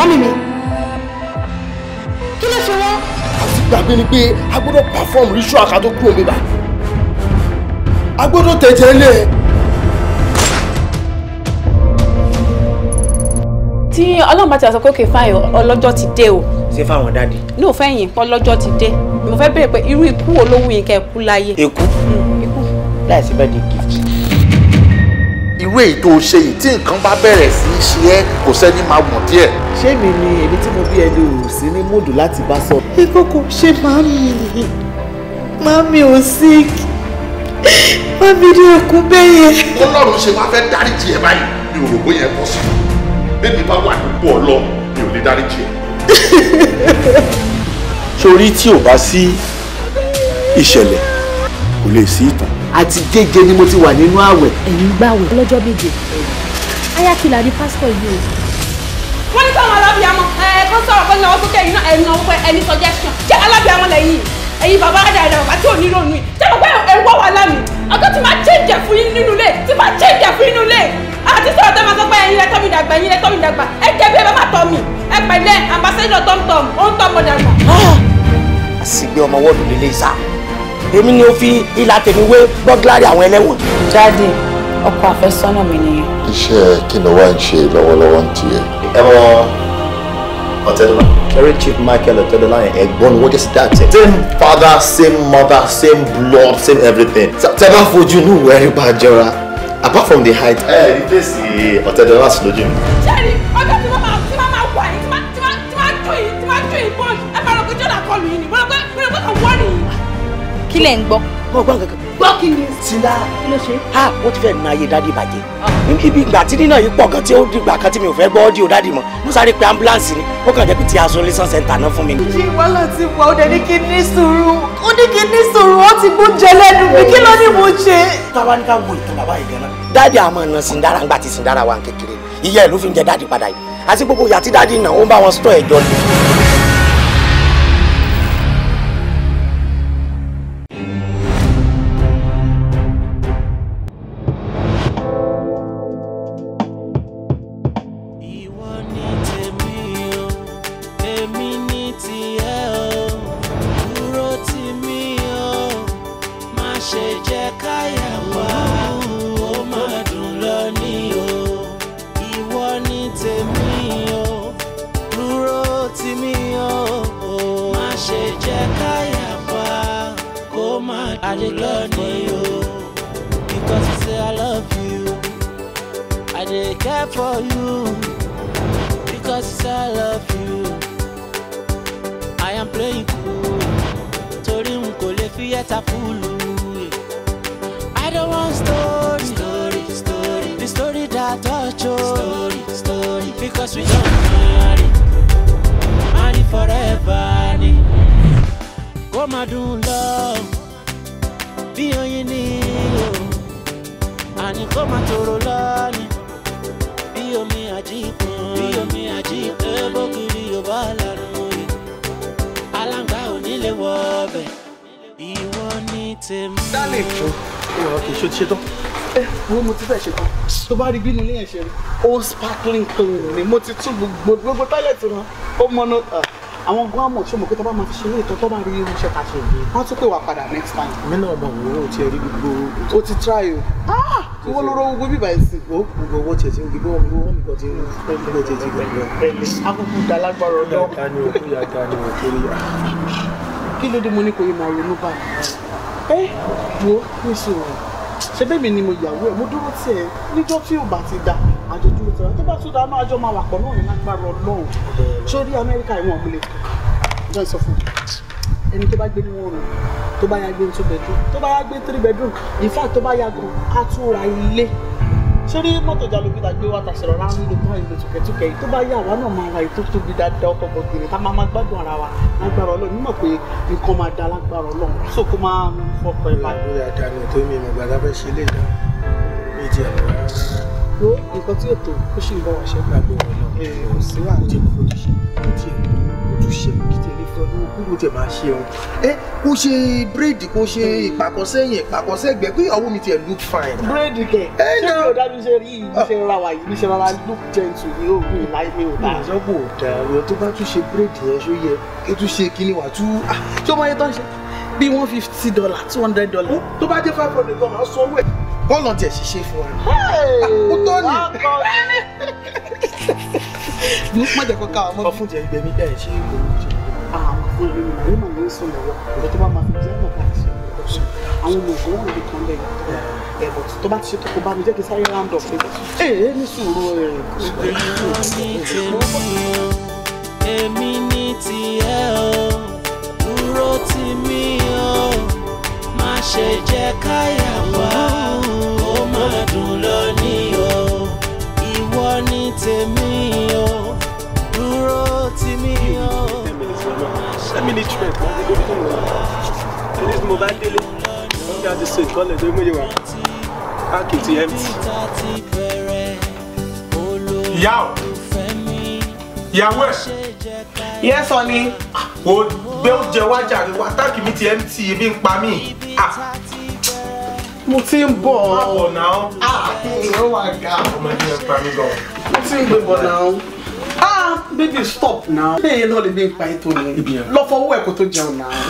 mọ́mì mi kí ló ṣe wọ́n. àti ni pé a gbọ́dọ̀ perform ritual ká tó kúrò níbà a gbọ́dọ̀ tẹ̀tẹ̀ lé e. tí ọlọ́run bá ti sọ pé kò fáyọ ọlọ́jọ́ ti dé o. ṣé fáwọn dáàdi. ní òfẹ́ yìí ọlọ́jọ́ ti dé mo fẹ́ béèrè pé irú ikú olówó yìí kẹ́ ẹ kú láyé. èkú láì sí bẹ́ẹ̀ di gift irú èyí tó ṣe yìí tí nǹkan bá bẹ̀rẹ̀ sí í ṣe ẹ́ kò sẹ́ni máa mọ̀ díẹ̀. ṣé mi ni èmi tí mo bí ẹni ò sí ní múdù láti bá sọ. ìkókò ṣe màámi màámi ò sí màámi ní òkú bẹ́yẹ. ọlọ́run ṣe wá fẹ́ dáríjì ẹ báyìí mi ò rò bóyá ẹ bọ́ sí i bébí bá wà nípò ọlọ́run mi ò lè dáríjì ẹ. torí tí ò bá sí ìṣẹ̀lẹ̀ kò lè sí ìtàn àti jẹ́jẹ́ ni mo ti wà nínú àwẹ̀. ẹ̀yin gbàwẹ̀ lọ́jọ́ méje ayákìlá ni pásítọ̀ yìí o. wọ́n ní sọ̀rọ̀ alábìàmọ̀ ẹ̀ kó sọ̀rọ̀ kó náwó sókè yìí náà ẹ̀ náwó pé ẹni suggestion jẹ́ alábìàmọ̀ lẹ́yìn ẹ̀yin bàbá àdàdà bàbá tí ò ní ronú yìí jẹ́ bàbá ẹ̀rù wà wà lánàá ọjọ́ tí máa change fún yín nínú ilé tí máa change fún yín nínú ilé àti sọ̀rọ̀ tó máa sọ pé ẹ̀yin lẹ tọ́ mi dàgbà ẹ̀yin lẹ tọ́ mi dàgbà ẹ jẹ́ bí ẹ bá má tọ́ mi ẹ pẹ̀lẹ́ ambassador tọ́mtọ́m ó ń tọ́ mọ́ dàgbà. Ah! àsìgbé ọmọ wọ́ọ̀dù lélẹ́yìí sáà èmi ni ó fi ìlà tèmi wé bọ́gílárì àwọn ẹlẹ́wọ̀n. jáde ọkọ àfẹ́sọ́nà mi nìyẹn. iṣẹ́ kí ló wá ń ṣe lọ́wọ́lọ́wọ́ ń tiẹ̀. ẹ mọ ọ̀tẹ́dọ́lá kerry chief michael ọ̀tẹ́dọ́lá yẹn ẹ̀gbọ́n ni wọ́n jẹ́ dáàtẹ̀. same father same mother same blood same everything. tẹ́ bá fojú inú ẹ̀rí bá jọra apart from the height. ẹ ẹ ní tẹ̀sí ọ̀tẹ́dọ́lá sí lójú mi. jáde ọjọ́ kí lẹ̀ ń gbọ́. gbọ́ gbọ́ kankan. gbọ́ kí ni. Sìnà. kí ló ṣe. a wọ́n ti fẹ́ na ayé dádì bàjẹ́. Ah. ibi ìgbà tí nínà yìí pọ̀ gan tí ó di ìgbà kan tí mi ò fẹ́ gbọ́ ọ́dí o mọ́ mo sáré pe ambulance ni ó kàn jẹ́ pé ti aṣọ lẹ́sàn center náà fún mi. ṣé wàhálà ti wà ó dẹni kí ní sùúrù ó ní kí ní sùúrù ó ti mú jẹ lẹ́nu mi kí ló ní mo ṣe. táwa ní ká wo ìtàn bàbá yìí gan-an dádì àmọ́ ọ̀nà Sìndára ń gbà ti Sìndára wa kékeré ìyá ẹ̀ ló fi ń jẹ dádì padà yìí àti gbogbo ìyá tí dádì náà ó ń bá wọn sọ ẹ̀jọ́ I dey love you because you say I love you. I dey care for you because you say I love you. I am playing cool Tori n kò lè fi ẹ̀ta fúlù. I don't want story, story, story. The story that touch you, story, story. Because we don't marry, marry forever ni. Kó máa love bí oyin ni o àní kó má tòrò lọ́ni bí omi àjíǹkan bí omi àjíǹkan ebókiri ò bá lànà òye aláǹgbá ò nílé wọ ọbẹ̀ ìwọ ní tèmi. dálẹ̀ jọ ìwà kì í ṣe ṣe tán ẹ wo mo ti fẹ́ ṣe tán tó bá rí bínú ní ẹ̀ṣẹ̀ rẹ̀ ó sparkling clean ni mo ti tún gbogbo gbogbo tálẹ̀ tí wọn ó mọ́nú. Ah àwọn gan amọ̀ ṣé mo pé tó bá máa fi ṣe ilé ìtọ́ tó bá rí irú iṣẹ́ ká ṣe yìí wọ́n tún pè wá padà next time. mi náà mọ̀ wò ó tiẹ̀ rí gbogbo. o ti try o. Ah! wọ́n lọ́rọ́ gbogbo bíbá ẹ̀sìn. o gbogbo owó tiẹ̀ ti ń gbogbo owó wọn nìkan ti ń gbogbo tiẹ̀ ti gbogbo. akókò dalágbára ọjọ́. kí ló dé mo ní kò yẹ máa ronú báyìí. ẹ eh, wo ní sùúrù ṣe bẹ́ẹ̀ mi ni mo yàwó ẹ̀ mo dúró tì ẹ́ níjọ́ tí ò bá ti dà àjọ dúró tì ẹ́ tó bá tún dà máa jọ máa wà pọ̀ náà ní lágbára ọlọ́run ṣé ó rí amẹ́ríkà ìwọ̀n mi lè kọ́ jọ́ ìsọfún ẹni tó bá gbé ní wọ́n rùn tó bá yá gbé two bedroom tó bá yá gbé three bedroom in fact tó bá yá gan á tún ra ilé sórí mọ́tò jalobí ta gbé wa ta sọ̀rọ̀ ráńdì ló bá ìlú tùkẹ́tùkẹ́ tó bá yà wá náà máa ra ètò tóbi dáadáa ọkọ̀ bọ̀gìrì tá máa máa gbádùn ara wa lágbára ọlọ́run mímọ̀ pé nǹkan máa da lágbára ọlọ́run so kó máa fọkọ ìbàdàn. ìyá àdánù tó mi ìmọ̀ gbàdá fẹ́ ṣe lè dá méjì ẹ̀rọ. wo nǹkan tí ètò ó sì ń bọ̀ wá ṣe. gbàgbé pẹ̀lú kí ló tẹ̀ máa ṣe o ẹ kó ṣe bírèdì kó ṣe ìpàkọ́sẹ́yìn ìpàkọ́sẹ́gbẹ́ pé ọwọ́ mi tiẹ̀ look fine. bírèdì kẹ ṣé mi ò dájú ṣe rí iṣẹ́ rárá wa yìí níṣẹ́ rárá look gentle ni ó mi láì mi ò dáa. ìjọba ò dáa ọ̀rọ̀ tó bá tún ṣe bírèdì yẹn ṣó yẹ kí tún ṣe kíní wà tú tó ah, máa yẹ tán ṣe bí one fifty dollar two hundred dollar. tó bá jẹ́ five hundred dollar sọ wẹ̀ bọ́ọ̀lù ọ̀tí ẹ̀ ṣiṣẹ́ fún wa. mo má jẹ́ kó ká wa mọ́. jẹ́ ìgbẹ́mí ẹ̀ ṣe é kò ní ṣe àwọn fún ìlú ìlú màá ní sùn lọ́wọ́ ìgbà tó bá máa fi jẹ́ náà láti ṣe àwọn ọmọ ìṣòwò níbi kan bẹ́ẹ̀ ẹ̀bọ̀ tó bá ti ṣe tó kó bá mi jẹ́ kí sáré round up ẹ̀bọ̀ èyí ní sùúrù ẹ̀ èmi ní tiẹ̀ o dúró tì mí o má ṣe jẹ́ káyà. the stage kọ́lẹ̀ tó méjì wá káàkì ti empty. ìyá o ìyàwó ẹ̀. yẹ́ sọ ni. o gbé oúnjẹ wá jàre wá táàkì mi ti empty ebi ń pa mí. Ah. mo ti ń bọ̀ ọ́. má bọ̀ náà. Ah, ìyẹn wà ga. ọmọ ẹni pa mí gan. mo ti ń gbé bọ̀ náà ah baby stop now. lẹ́yìn náà lè gbé ipa ètò mi lọ fọwọ́ ẹ̀ kó tó jẹun náà.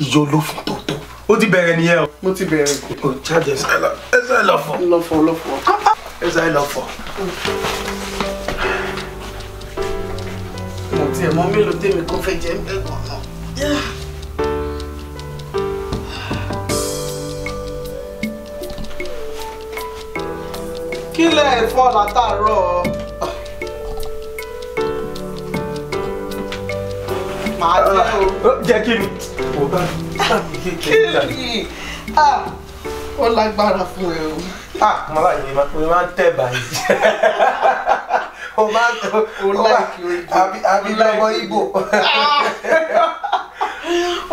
ìyọ ló fún tó ó ti bẹ̀rẹ̀ nìyẹn o. mo ti bẹ̀rẹ̀. o charge ẹsẹ̀ lọ ẹsẹ̀ lọ fọ. lọ fọ lọ fọ. ẹsẹ̀ lọ fọ. mo tiẹ̀ mọ mélòó tèmi kò fẹ́ jẹ́ bẹ́ẹ̀ gan-an. kí lẹ̀ fọ́ látàárọ̀. màá jẹ́ o. jẹ́ kí n kílì ah, ó lágbára fún ẹ o. Ah, mo máa yẹ mo máa tẹ̀ báyìí o máa tó o láìkí oúnjẹ àbí lọ́wọ́ Ìgbò.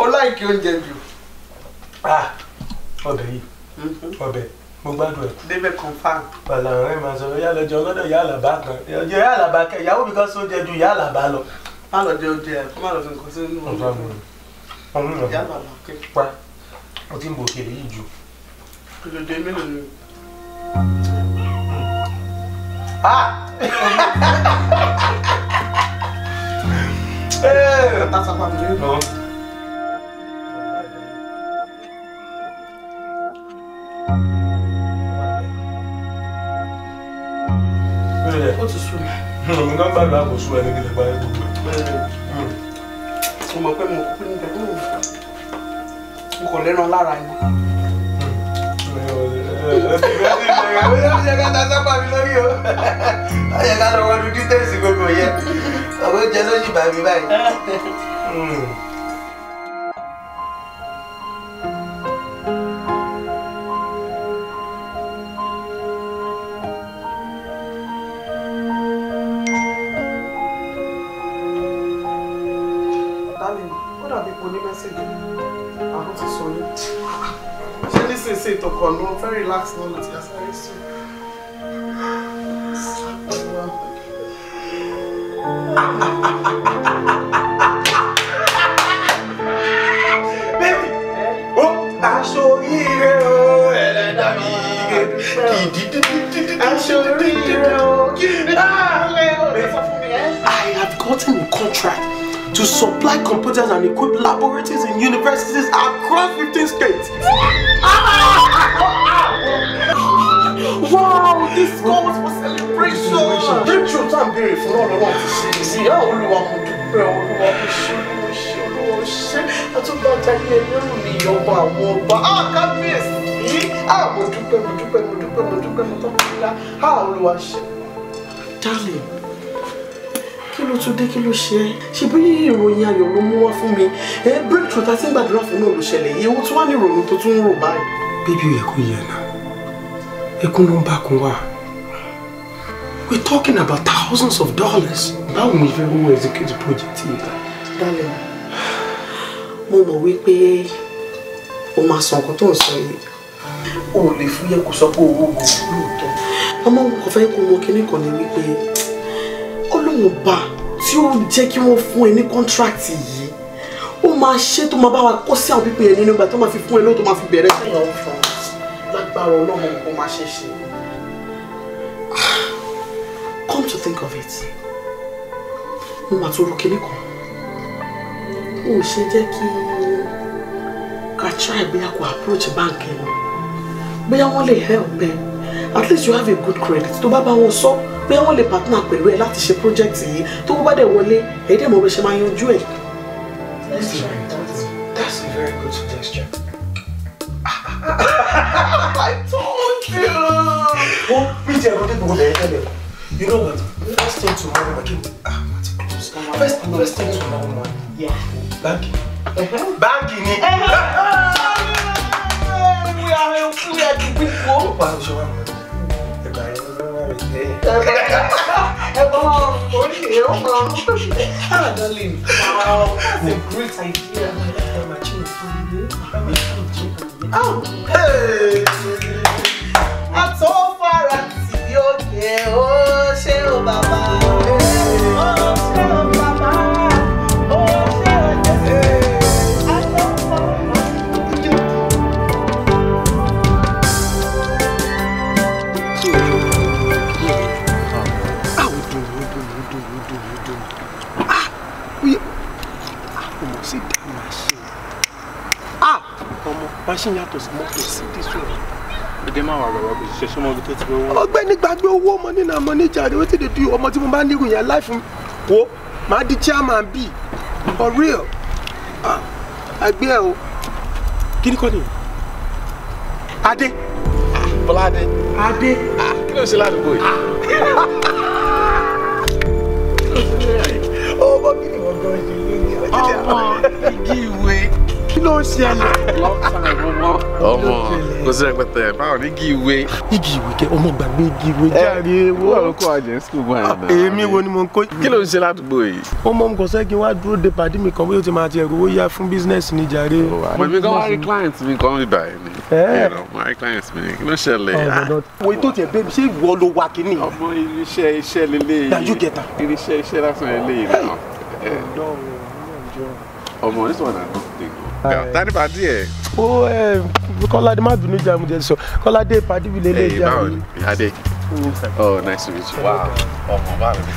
o láìkí oúnjẹ jù. Ah, ọbẹ̀ yìí mm-hmm. ọbẹ̀ mo gbádùn ẹ. débẹ̀ confam. bàlá ọ̀rẹ́ máa sọ yá lọ jẹ ọlọ́dọ̀ ìyá àlàbá kan ọjọ́ ìyá àlàbá kẹ ìyàwó mi kan sóúnjẹ ju ìyá àlàbá lọ. má lọ jẹ oúnjẹ kó má lọ fi nǹkan sínú oúnjẹ ọ̀hún lọ pa ó ti ń bo òkèlè yìí jù. kìlódé mélòó ni. Ah! Eh! tá ó ti sùn. òun náà bá lọ àbòsùn ẹni kí lè parí gbogbo ẹ mo mọ̀ pé mo kúkú ní ìbẹ̀rù mo kò lẹ́ran lára ni. ó yẹ ká ta sábà mi lórí o ó yẹ ká lọ wọnú dítẹ́sì gbogbo yẹn àwọn oúnjẹ ló yìnbọn mi báyìí. kàn ló fẹ́ relax náà ló ti asáré sùn. I aṣọ oríire o ẹlẹ́dà mi kìdìdìdìdìdì aṣọ oríire o have gotten a contract. to supply computers and equip laboratories in universities across 15 states. wow, this calls for celebration. Breakthrough tá à ń béèrè fún náà lọ́wọ́ àti ṣe sí ìyá olúwa mo dúpẹ́ olúwa mo ṣe olúwa ṣe olúwa ṣe àtúbọ̀tá ilé ẹlẹ́rù mi yọba àwọn ọba. Ah, kábíyèsí! Ah, mo dúpẹ́ mo dúpẹ́ mo dúpẹ́ mo dúpẹ́ mo tọ́ mi lá. Ah, olúwa ṣe. Darling, kí ló tún dé kí ló ṣe é ṣe bí ìròyìn ayọ̀ ló mú wá fún mi. Eh, breakthrough tá a ti ń gbàdúrà fún náà ló ṣẹlẹ̀ yìí, ewu tí wàá ní ìrònú tó tún ń rò báyìí. Baby, you go here now. You go back We're talking about thousands of dollars. Báwo ni ìfẹ́ mú execute the project yìí? Darling, mo mọ̀ wípé o máa sọ nǹkan tó ń sọ yìí. O ò lè fúyẹ́ kó sọ pé owó mo lóòótọ́. Ọmọ òun kò fẹ́ kó mọ kinní kan ni wípé Ọlọ́run ọba tí ó máa ṣe tó máa bá wa kó sí àwọn pípé yẹn nínú ìgbà tó máa fi fún ẹ lóòótọ́ máa fi bẹ̀rẹ̀ sí ìyàwó fún come to think of it mo máa tó ro kinní kan mo ò ṣe jẹ́ kí ká try bí a kò approach bank ẹ̀ bóyá wọ́n lè help ẹ at least you have a good credit tó bá bá wọn sọ bóyá wọ́n lè partner pẹ̀lú ẹ láti ṣe project yìí tó bá dẹ̀ wọlé ẹ̀ẹ́dẹ̀ mọ̀ bó ṣe máa yanjú ẹ̀. Listen, that's a very good suggestion. I told you! Oh, we are going to go there. You know what? Ah, first thing tomorrow, again. Ah, First, first thing tomorrow morning. Yeah. Banking. Uh-huh. Banking. Uh-huh. we are helping people. 네. Ever only Ah, darling. Wow, that's a great idea. I'm a child family. I'm a child Oh, hey. That's all for us. You're okay. Oh, share, Baba. machine yàtọ̀ sí mọ́tò sí dísù ọdẹ máa wà bàbá kò ṣiṣẹ́ sọmọ ibi tó ti wọ́n. ọ̀gbẹ́ni gbàgbé owó ọmọ nínú àmọ níjà rẹ wetin dey do ọmọ tí mo bá nírú yẹn láìfún wo màá di chairman bí for real àgbẹ ah, ẹ o. kí ni kọ́ ni. adé. bọ́lá adé. adé. Ah, kí ló ń ṣe ládùúgbò yìí. Ah. ọmọ kí ni wọ́n gan ṣe lórí ọmọ igi ìwé kí ló ń ṣẹlẹ̀. ọmọ kò sí rẹpẹtẹ báwo ní igi ìwé. igi ìwé kẹ ọmọ gbàgbé igi ìwé jáde eh, wo. wọ́n lọ kó ní sukùl báyìí náà. èmi wo ni mo ń kó. kí ló ń ṣe ládùúgbò yìí. ọmọ mi kò sẹ́ wá dúró de pàdé mi kan bóyá o ti máa ti ẹ̀rọ owó yá fún bísínẹ́sì ní jàre. mọ̀mí kan wá eh? rí client rí oh ah. ọmọ irinṣẹ́ iṣẹ́ náà tani pàdé ẹ. ó ẹ kọ́ládé má bínú jà mo jẹ sọ kọ́ládé pàdé mi lélẹ̀ jà mi. adé oh nice to meet you wow ọmọ báwo ni.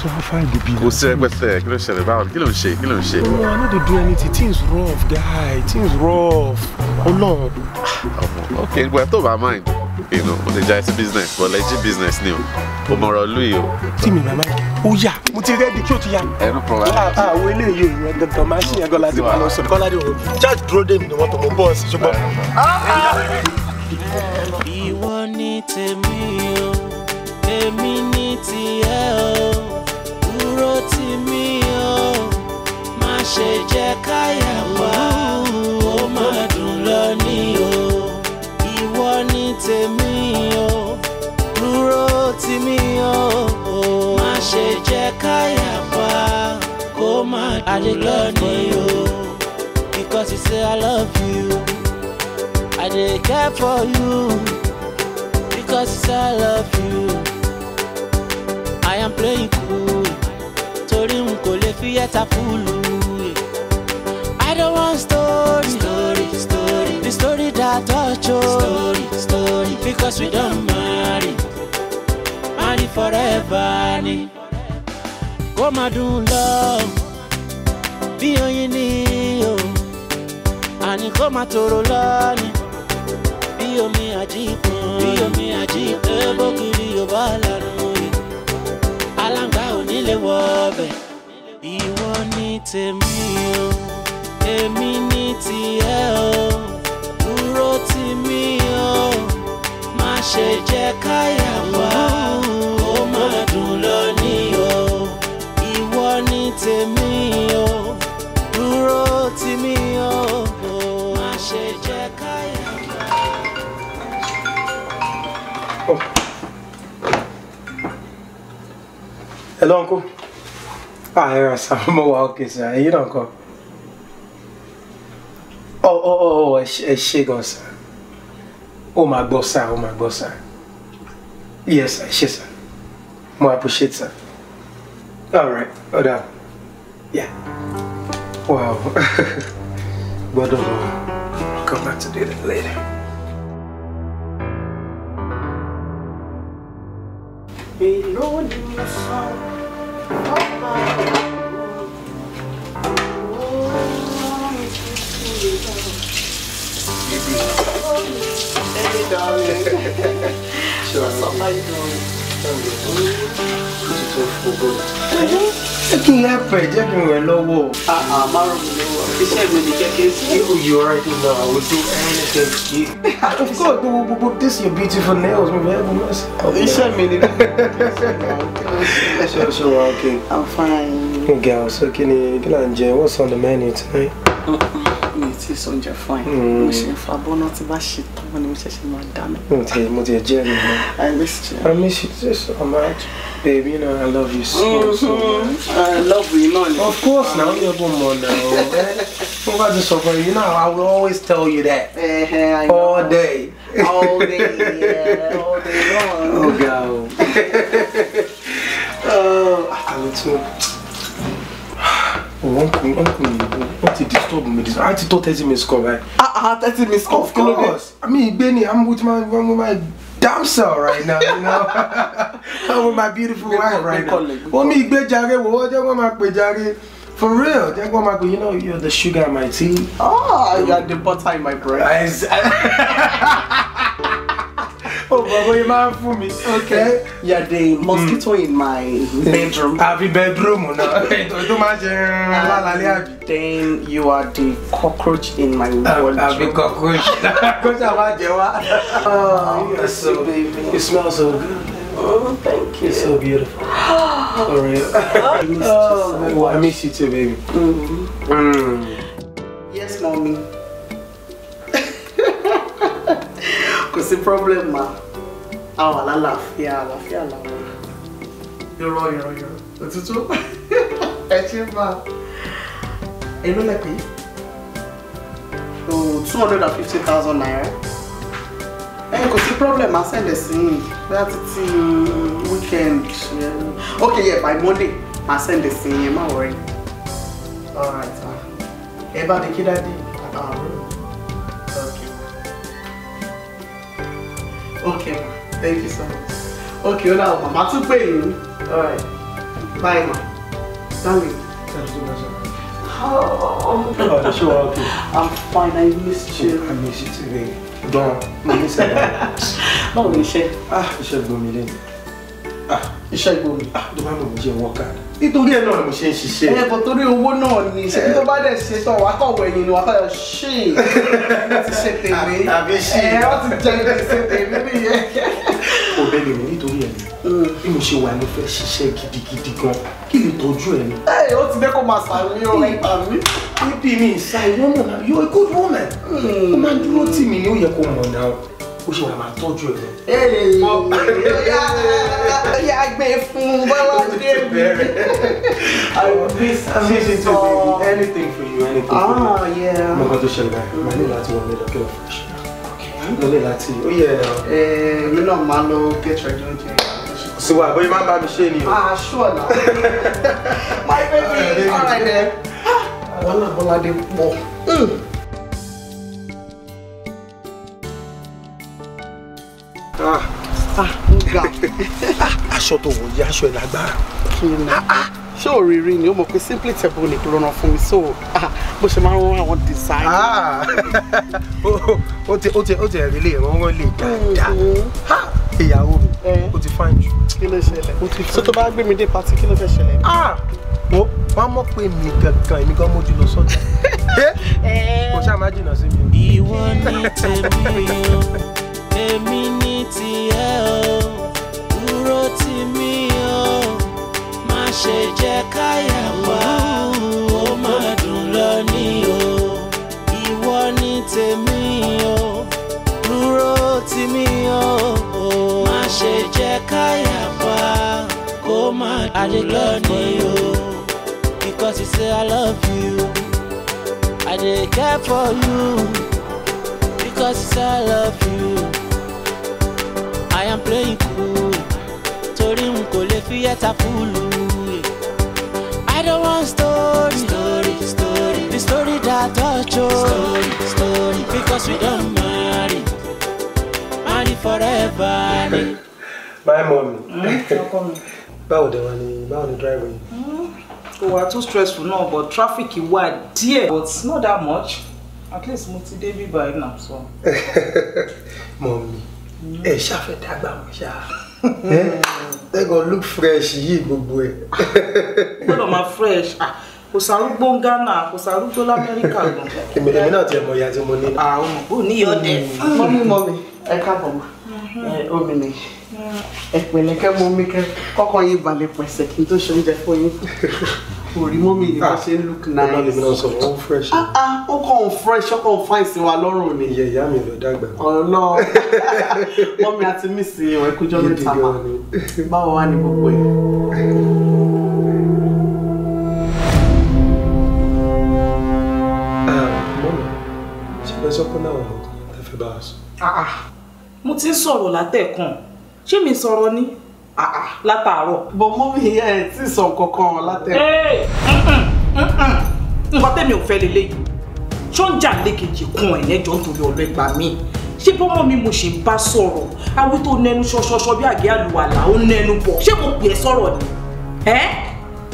sọ fún fáìlì bíi. kò sí ẹgbẹ́sẹ̀ kí ló ṣẹlẹ̀ báwo kí ló ń ṣe kí ló ń ṣe. no oh, i no dey do anything things rough guy things rough ọlọ́run. Ah, ọmọ ok gbọ́dọ̀ tó bá mind you know onija is business but legit business ni o o mọ ọ̀rọ̀ lu yìí o. tí mi màmá ó yà mo ti rẹ́ẹ̀dì kí o ti yà. ẹ eh, no problem. Ah, ah, àwọn eléyìí yẹn dandan máa ń ṣe yẹn gọ́lá tí mo lọ sọ gọ́lá tí mo charge dúró dé mi ni wọ́n tó mo bọ́ọ̀sì ṣùgbọ́n. ìwọ ni tèmi o èmi ni tìẹ o dúró tì mí o má ṣe jẹ́ káyà pa o. tì mí o. má ṣe jẹ́ káyà pa kó má dùn lónìí o. because you say I love you I dey care for you because you say I love you I am playing cool torí n kò lè fi yẹta fúlù. I don't want story. Story, story. The story that touch you. Oh. Story, story. Because we don't marry forever ni kó máa dùn lọ bí oyin ni o àní kó máa tòrò lọ ni bí omi àjíǹkan bí omi àjíǹkan ebókiri ò bá lárú rẹ aláǹgbá ò nílé wọ ọbẹ ìwọ ni tèmi o èmi ni tìẹ o dúró tì mí o má ṣe jẹ́ káyà wá. tì mí o. má ṣe jẹ́ káyà bá. Oh. hello uncle ah ẹ I'm sa mo wà ókè sa èyí náà oh. ọ ọ ọ ẹ ṣe gan sa ó máa gbọ́ sa ó máa gbọ́ sa yes sir. ṣe sa mo appreciate sa all right Hold on. yeah. Wow. but uh, I'll come back to do that later. oh Hey, darling. sure. you doing? I'm good. jẹ́ kí n help ẹ jẹ́ kí n rẹ̀ lọ́wọ́. àà ah, ah, márùn mi lọ́wọ́ iṣẹ́ mi ni jẹ́kẹ́ sí. you are right now I will do anything of course gbogbo gbogbo this your beautiful nails mi fẹ́ bọ́ mẹ́sì. iṣẹ́ mi ni. ṣe ṣe wa ok. I'm fine. okay girl so kí ni kí là ń jẹ what's on the menu tonight. Uh-uh. mi ti sọ oúnjẹ fún ẹ mo hmm. ṣe ń fa bọ́nà tí bá ṣe tán ni mo ṣẹ̀ṣẹ̀ máa dáná. mo ti mo ti jẹ́ ẹni. I miss you. I miss you too so much. Babe, you know I love you so, mm -hmm. so mm-hmm. much. I love you, money. Of course, now you're one woman, now. Don't What is over? You know I will always tell you that. Uh -huh, all day. All day, yeah, all day long. Oh God. uh, I need to. Oh, uncle, uncle, what is disturb me? This I had to 30 minutes call, right? Ah, uh, uh, ah, 30 minutes call. Of course. I mean, Benny, I'm with my, with my Damsel, cell right now, you know. I'm with my beautiful wife right now. Well, me gbé jàre wò For real, you know you're the sugar in my tea. Oh, ah, you're the butter in my bread. Oh, Baba, you man for me. Okay. Yeah, the mosquito hmm. in my bedroom. Happy bedroom, na. no. Don't imagine. Then you are the cockroach in my wardrobe. Happy cockroach. Cockroach, Oh, oh yes, so, baby. You smell so good. Oh, thank you. It's so beautiful. For real. I miss oh, you I miss you too, baby. Mm. Mm. Yes, mommy. kò sí problem ma àwọn àlàáfíà àlàáfíà làwọn yọrọ yọrọ yọrọ òtútù ẹ ṣe máa èló lẹ pé oh two hundred and fifty thousand naira ẹ kò sí problem ma send ẹ sí mi bóyá títí weekend ok yeah by Monday ma send ẹ sí yẹn má worry alright ẹ bá di kí dáadé àtàwọn. okay ma thank you so much okay ó dàbọ̀ màmá tún pè yín alright bye ma darling. Oh, oh, sure, okay. I'm fine. I missed you. Oh, I miss you today. Gan, mo ní miss you. ni iṣẹ́? you. Ah, iṣẹ́ gbomi lẹ́nu. Ah, iṣẹ́ gbomi. Ah, tó bá gbọ̀ mí jẹ́ wọ́ọ̀kà ni nítorí ẹ náà ni mo ṣe ń ṣiṣẹ́. ẹ kò torí owó náà ni ṣèbí tó bá dẹ̀ ṣe tán wàá kọ̀ wẹ̀ yìí ni wàá kọ̀ ṣì ti ṣe tèmi àbí ṣì ẹ wọ́n ti jẹ gbèsè tèmi nìyẹn. kò bẹ́ẹ̀ lè mí nítorí ẹ̀ ni mm. bí mo ṣe wà ní fẹ́ ṣiṣẹ́ gidigidi gan kí lè tọ́jú ẹ̀ ni. ẹ ó ti dẹ́ kó máa sàmì o ẹ̀ta mi. níbi mi ìsa ìwọ́n mọ̀ náà yọ ikú dúró mẹ́ ó máa dúró tì mí ni ó yẹ kó mọ̀ náà ó ṣe wà máa tọ́jú ẹ̀ lọ. yà á gbé fún bọ́lá débi. I will be sitting to baby anything for you anything for you. ah yeah. mo kàn tó ṣẹlẹ̀ báyìí màá ní láti wọlé lọ kí wọ́n fi ṣe. wọlé láti ó yẹ ẹ. Eh, ẹ mi náà máa lọ get ready oúnjẹ. Siwa, bóyá máa ń bá mi ṣe ni o. Ah, sure na. My baby, all right there. Wọ́n ah, náà Bọ́ládé pọ̀. Hmm. Ah. Ah. aṣọ tó wọ̀ yí aṣọ ẹ̀ lágbára. kí ni ah, ṣé òrìrì ni ó mọ̀ pé simply table ni ló ràn fún mi so bó ṣe máa ń rán àwọn design. ó ti ó ti ó ti ẹ̀rí lè rán wọ́n lè dáadáa mm-hmm. ìyàwó mi ó eh. ti fine jù. kí ló ṣẹlẹ̀ so tó bá gbé mi dé party kí ló fẹ́ ṣẹlẹ̀. wọ́n wọ́n mọ̀ pé mi gangan èmi gan mojú lọ sọ́jà kò eh. ṣáà má jìnnà sí mi. ìwọ ni tèmi o èmi ní tiẹ̀ o dúró tì mí o má ṣe jẹ́ káyà wá ó má dùn lóní o ìwọ ní tèmi o dúró tì mí o má ṣe jẹ́ káyà wá kó má dùn lóní o because he say I love you I dey care for you. Cause I love you I am playing cool Tori n kò lè I don't want story Story, story The story that touch you Story, story Because we don't marry Marry forever Bye, My mom. Hmm? Báwo dẹ̀ wá ni báwo ni driving? Hmm? We are too stressful now, but traffic wà dear? but it's not that much at least mo ti dé bí báyìí náà sọ. mọ̀mí mm. ẹ ṣàfẹ́ dàgbà mọ́ ṣá tẹ́gàn look fresh yìí gbogbo ẹ̀. gbọ́dọ̀ máa fresh kò sàrúgbó ń Ghana kò sàrúgbó lamẹ́ríkà gan. èmi náà ti ẹ̀ mọ ìyá tí mo ní. àwọn òbí ò ní ìyọ̀dẹ̀ mọ́mí mọ́mí ẹ káàbọ̀ mọ́ mm-hmm. obìnrin ẹ pẹ̀lẹ́ kẹ́ mọ́mí kẹ́ kọ́kọ́ yín balẹ̀ pẹ̀sẹ̀ kí n tó ṣe oúnjẹ fún yín orí mọ́mí ni ah. wọ́n ṣe ń look nice. ọlọ́ni mi náà sọ ah, ah, fresh. ó kàn fresh ó kàn fine sí wa lọ́rùn ni. ìyá ìyá mi ló dàgbà. ọ̀nà mọ́mí àti mí sí ìwọ̀n ẹ̀kújọ́ mẹ́ta mà báwo wá ní gbogbo ẹ̀. ṣe sọ pé náà wọn tẹ fẹ́ bá a sọ. mo ti ń sọ̀rọ̀ látẹ̀kàn ṣé mi sọ̀rọ̀ ni. Ah, ah, látàárọ̀. bọ mọ́mí ẹ ti sọ kankan látẹ̀kọ́. nǹkan tẹ́mi ò fẹ́ lélẹ́yìí ṣọ́njà lékejì kún ẹ̀ lẹ́jọ́ nítorí ọ̀rọ̀ ẹgbà mi ṣé bọ́mọ mi mo ṣe ń bá sọ̀rọ̀ awí tó nẹnu ṣọṣọṣọ bí àgé àlùwàlà ó nẹnu bọ̀ ṣé mo pè é sọ̀rọ̀ ni.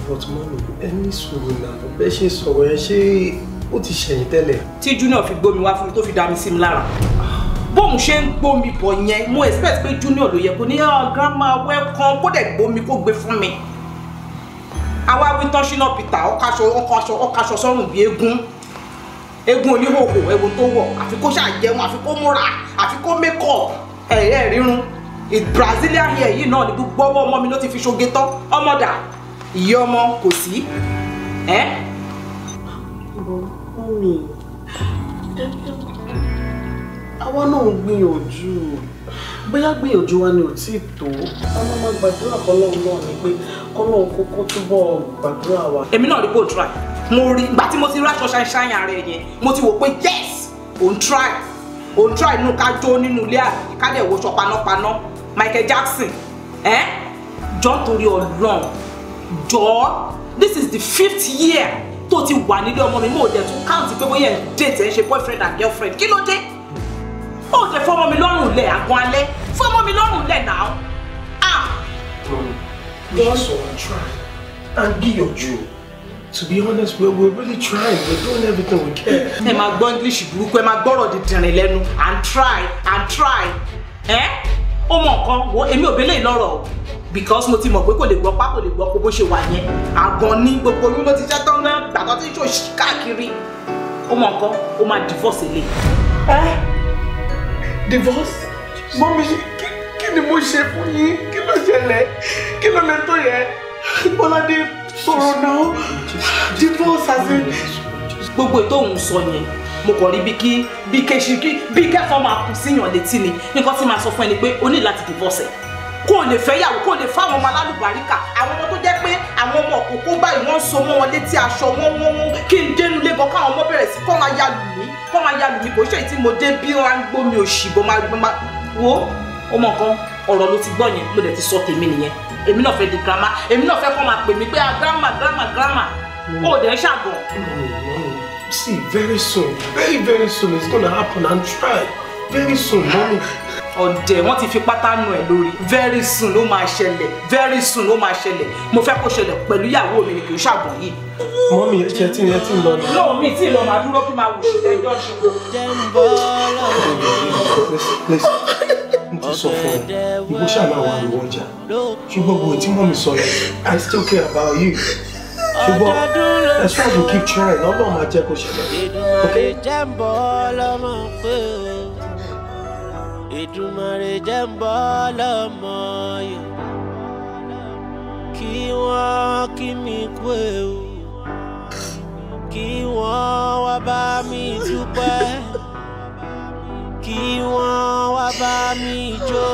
but mọ́mí ẹ ní sùúrù náà bẹ́ẹ̀ ṣe sọ̀rọ̀ ẹ ṣé ó ti ṣẹ̀yìn tẹ́lẹ̀. tíjú náà fi gbómi wá fún mi tó fi dá mi sí mi lára bóun ṣe ń gbomi bọ̀ yẹn mo expect pé junior ló yẹ kó ní ah, grandma welcome kó dẹ̀ gbomi kó gbé fún mi àwa wí tán ṣínà peter ọkàṣọ ọkàṣọ ọkàṣọ sọrùn bíi eégún eégún oníhòhò eégún tó wọ àfi kó ṣàjẹun àfi kó múra àfi kó mẹkọ ẹ̀rẹ́ rírun brazilian hair yìí náà ni gbogbo ọwọ́ ọmọ mi ló ti fi ṣoge tán ọmọdà ìyá ọmọ kò sí. bọ́ mọ́mì àwa náà ń gbìyànjú bóyá gbìyànjú wa ni ò tí ì tó ọmọ máa gbàdúrà kọlọ́run náà ni pé kọlọ́run kókó túbọ̀ gbàdúrà wa. èmi náà rí bó try mo rí ìgbà tí mo ti ráṣọ ṣáìṣáì ara ẹ yẹn mo ti wò pé yes òun try òun try inú ká jó nínú ilé àbí ká dẹ̀ wọṣọ panápaná Michael Jackson ẹ́ jọ́ torí ọlọ́run jọ́ this is the fifth year tó ti wà nílé ọmọ mi mo dẹ̀ tún count pé bóyá date ẹ̀ ń ṣe boyfriend and girlfriend kí ló dé ó lè fọmọ mi lọ́rùn lẹ̀ àgbọn alẹ́ fọmọ mi lọ́rùn lẹ̀ náà. Yes, we're trying and gbìyànjú. To be honest, we're, we're really trying. We're doing everything we can. Ẹ máa gbọ́ English burúkú, ẹ máa gbọ́rọ̀ dìdìrín lẹ́nu and try and try. Ẹ́ ó mọ nǹkan wo èmi ò bẹ́lẹ̀ lọ́rọ̀ o because mo ti mọ̀ pé kò lè gbọ́ pa kò lè gbọ́ kó bó ṣe wà yẹn àgàn ní gbogbo oyún ló ti jẹ́ tán náà gbàgbọ́ tí ń káàkiri ó mọ nǹkan ó máa divorce lè divorce mọ́mí kí ni mo ṣe fún yín kí ló ṣẹlẹ̀ kí ló lè tó yẹ bọ́ládé sọ̀rọ̀ náà divorce as in. gbogbo ètò òun sọ yẹn mo kàn rí bí kí bí kẹ́sì kí bí kẹ́fọ́ máa kù síyàn létí ni nǹkan tí màá sọ fún ẹni pé o ní láti divorce ẹ̀ kó o lè fẹ́yàwó kó o lè fáwọn ọmọ alálùbáríkà àwọn ọmọ tó jẹ́ pé àwọn ọmọ òkókó báyìí wọ́n ń so mọ́ wọn létí aṣọ wọ́n wọ́n wọ́n kí n dénú lébọn káwọn ọmọ bẹ̀rẹ̀ sí kọ́ máa ya lù kọ́ máa yalù kò ṣe tí mo dé bí ọ̀rá ń gbó mi ò bó máa máa wo ọmọ kan ọ̀rọ̀ ló ti gbọ́ yẹn mo dẹ̀ ti sọ tèmi nìyẹn èmi náà fẹ́ di girama èmi náà fẹ́ kọ́ máa pè mí pé ah, girama girama girama ó dẹ̀ ṣàgàn. See, very soon, very, very soon, it's gonna happen and try. Very soon, mommy ọ̀dẹ̀ wọ́n ti fi pátá nu ẹ̀ lórí very soon ló máa ṣẹlẹ̀ very soon ló máa ṣẹlẹ̀ mo fẹ́ kó ṣẹlẹ̀ pẹ̀lú ìyàwó mi ni kì í ṣàgbọ̀n yìí. mọ́mí ẹ ṣe tí ẹ ti ń lọ ni. lóò mi tí ì lọ màá dúró kí máa wò ṣe ẹjọ́ ṣe kó. n ti sọ fún ọ ìwọ ṣáà máa wà lówó ọjà ṣùgbọ́n gbogbo tí mọ́mí sọ yẹn I still care about you ṣùgbọ́n as far as you keep trying ọlọ́run máa jẹ́ kó ṣẹlẹ̀ okay. Èdùmàrè jẹ́ ń bọ́ lọ́mọ yọ kí wọ́n kí mi kú ewu kí wọ́n wá bá mi dúpẹ́ kí wọ́n wá bá mi jó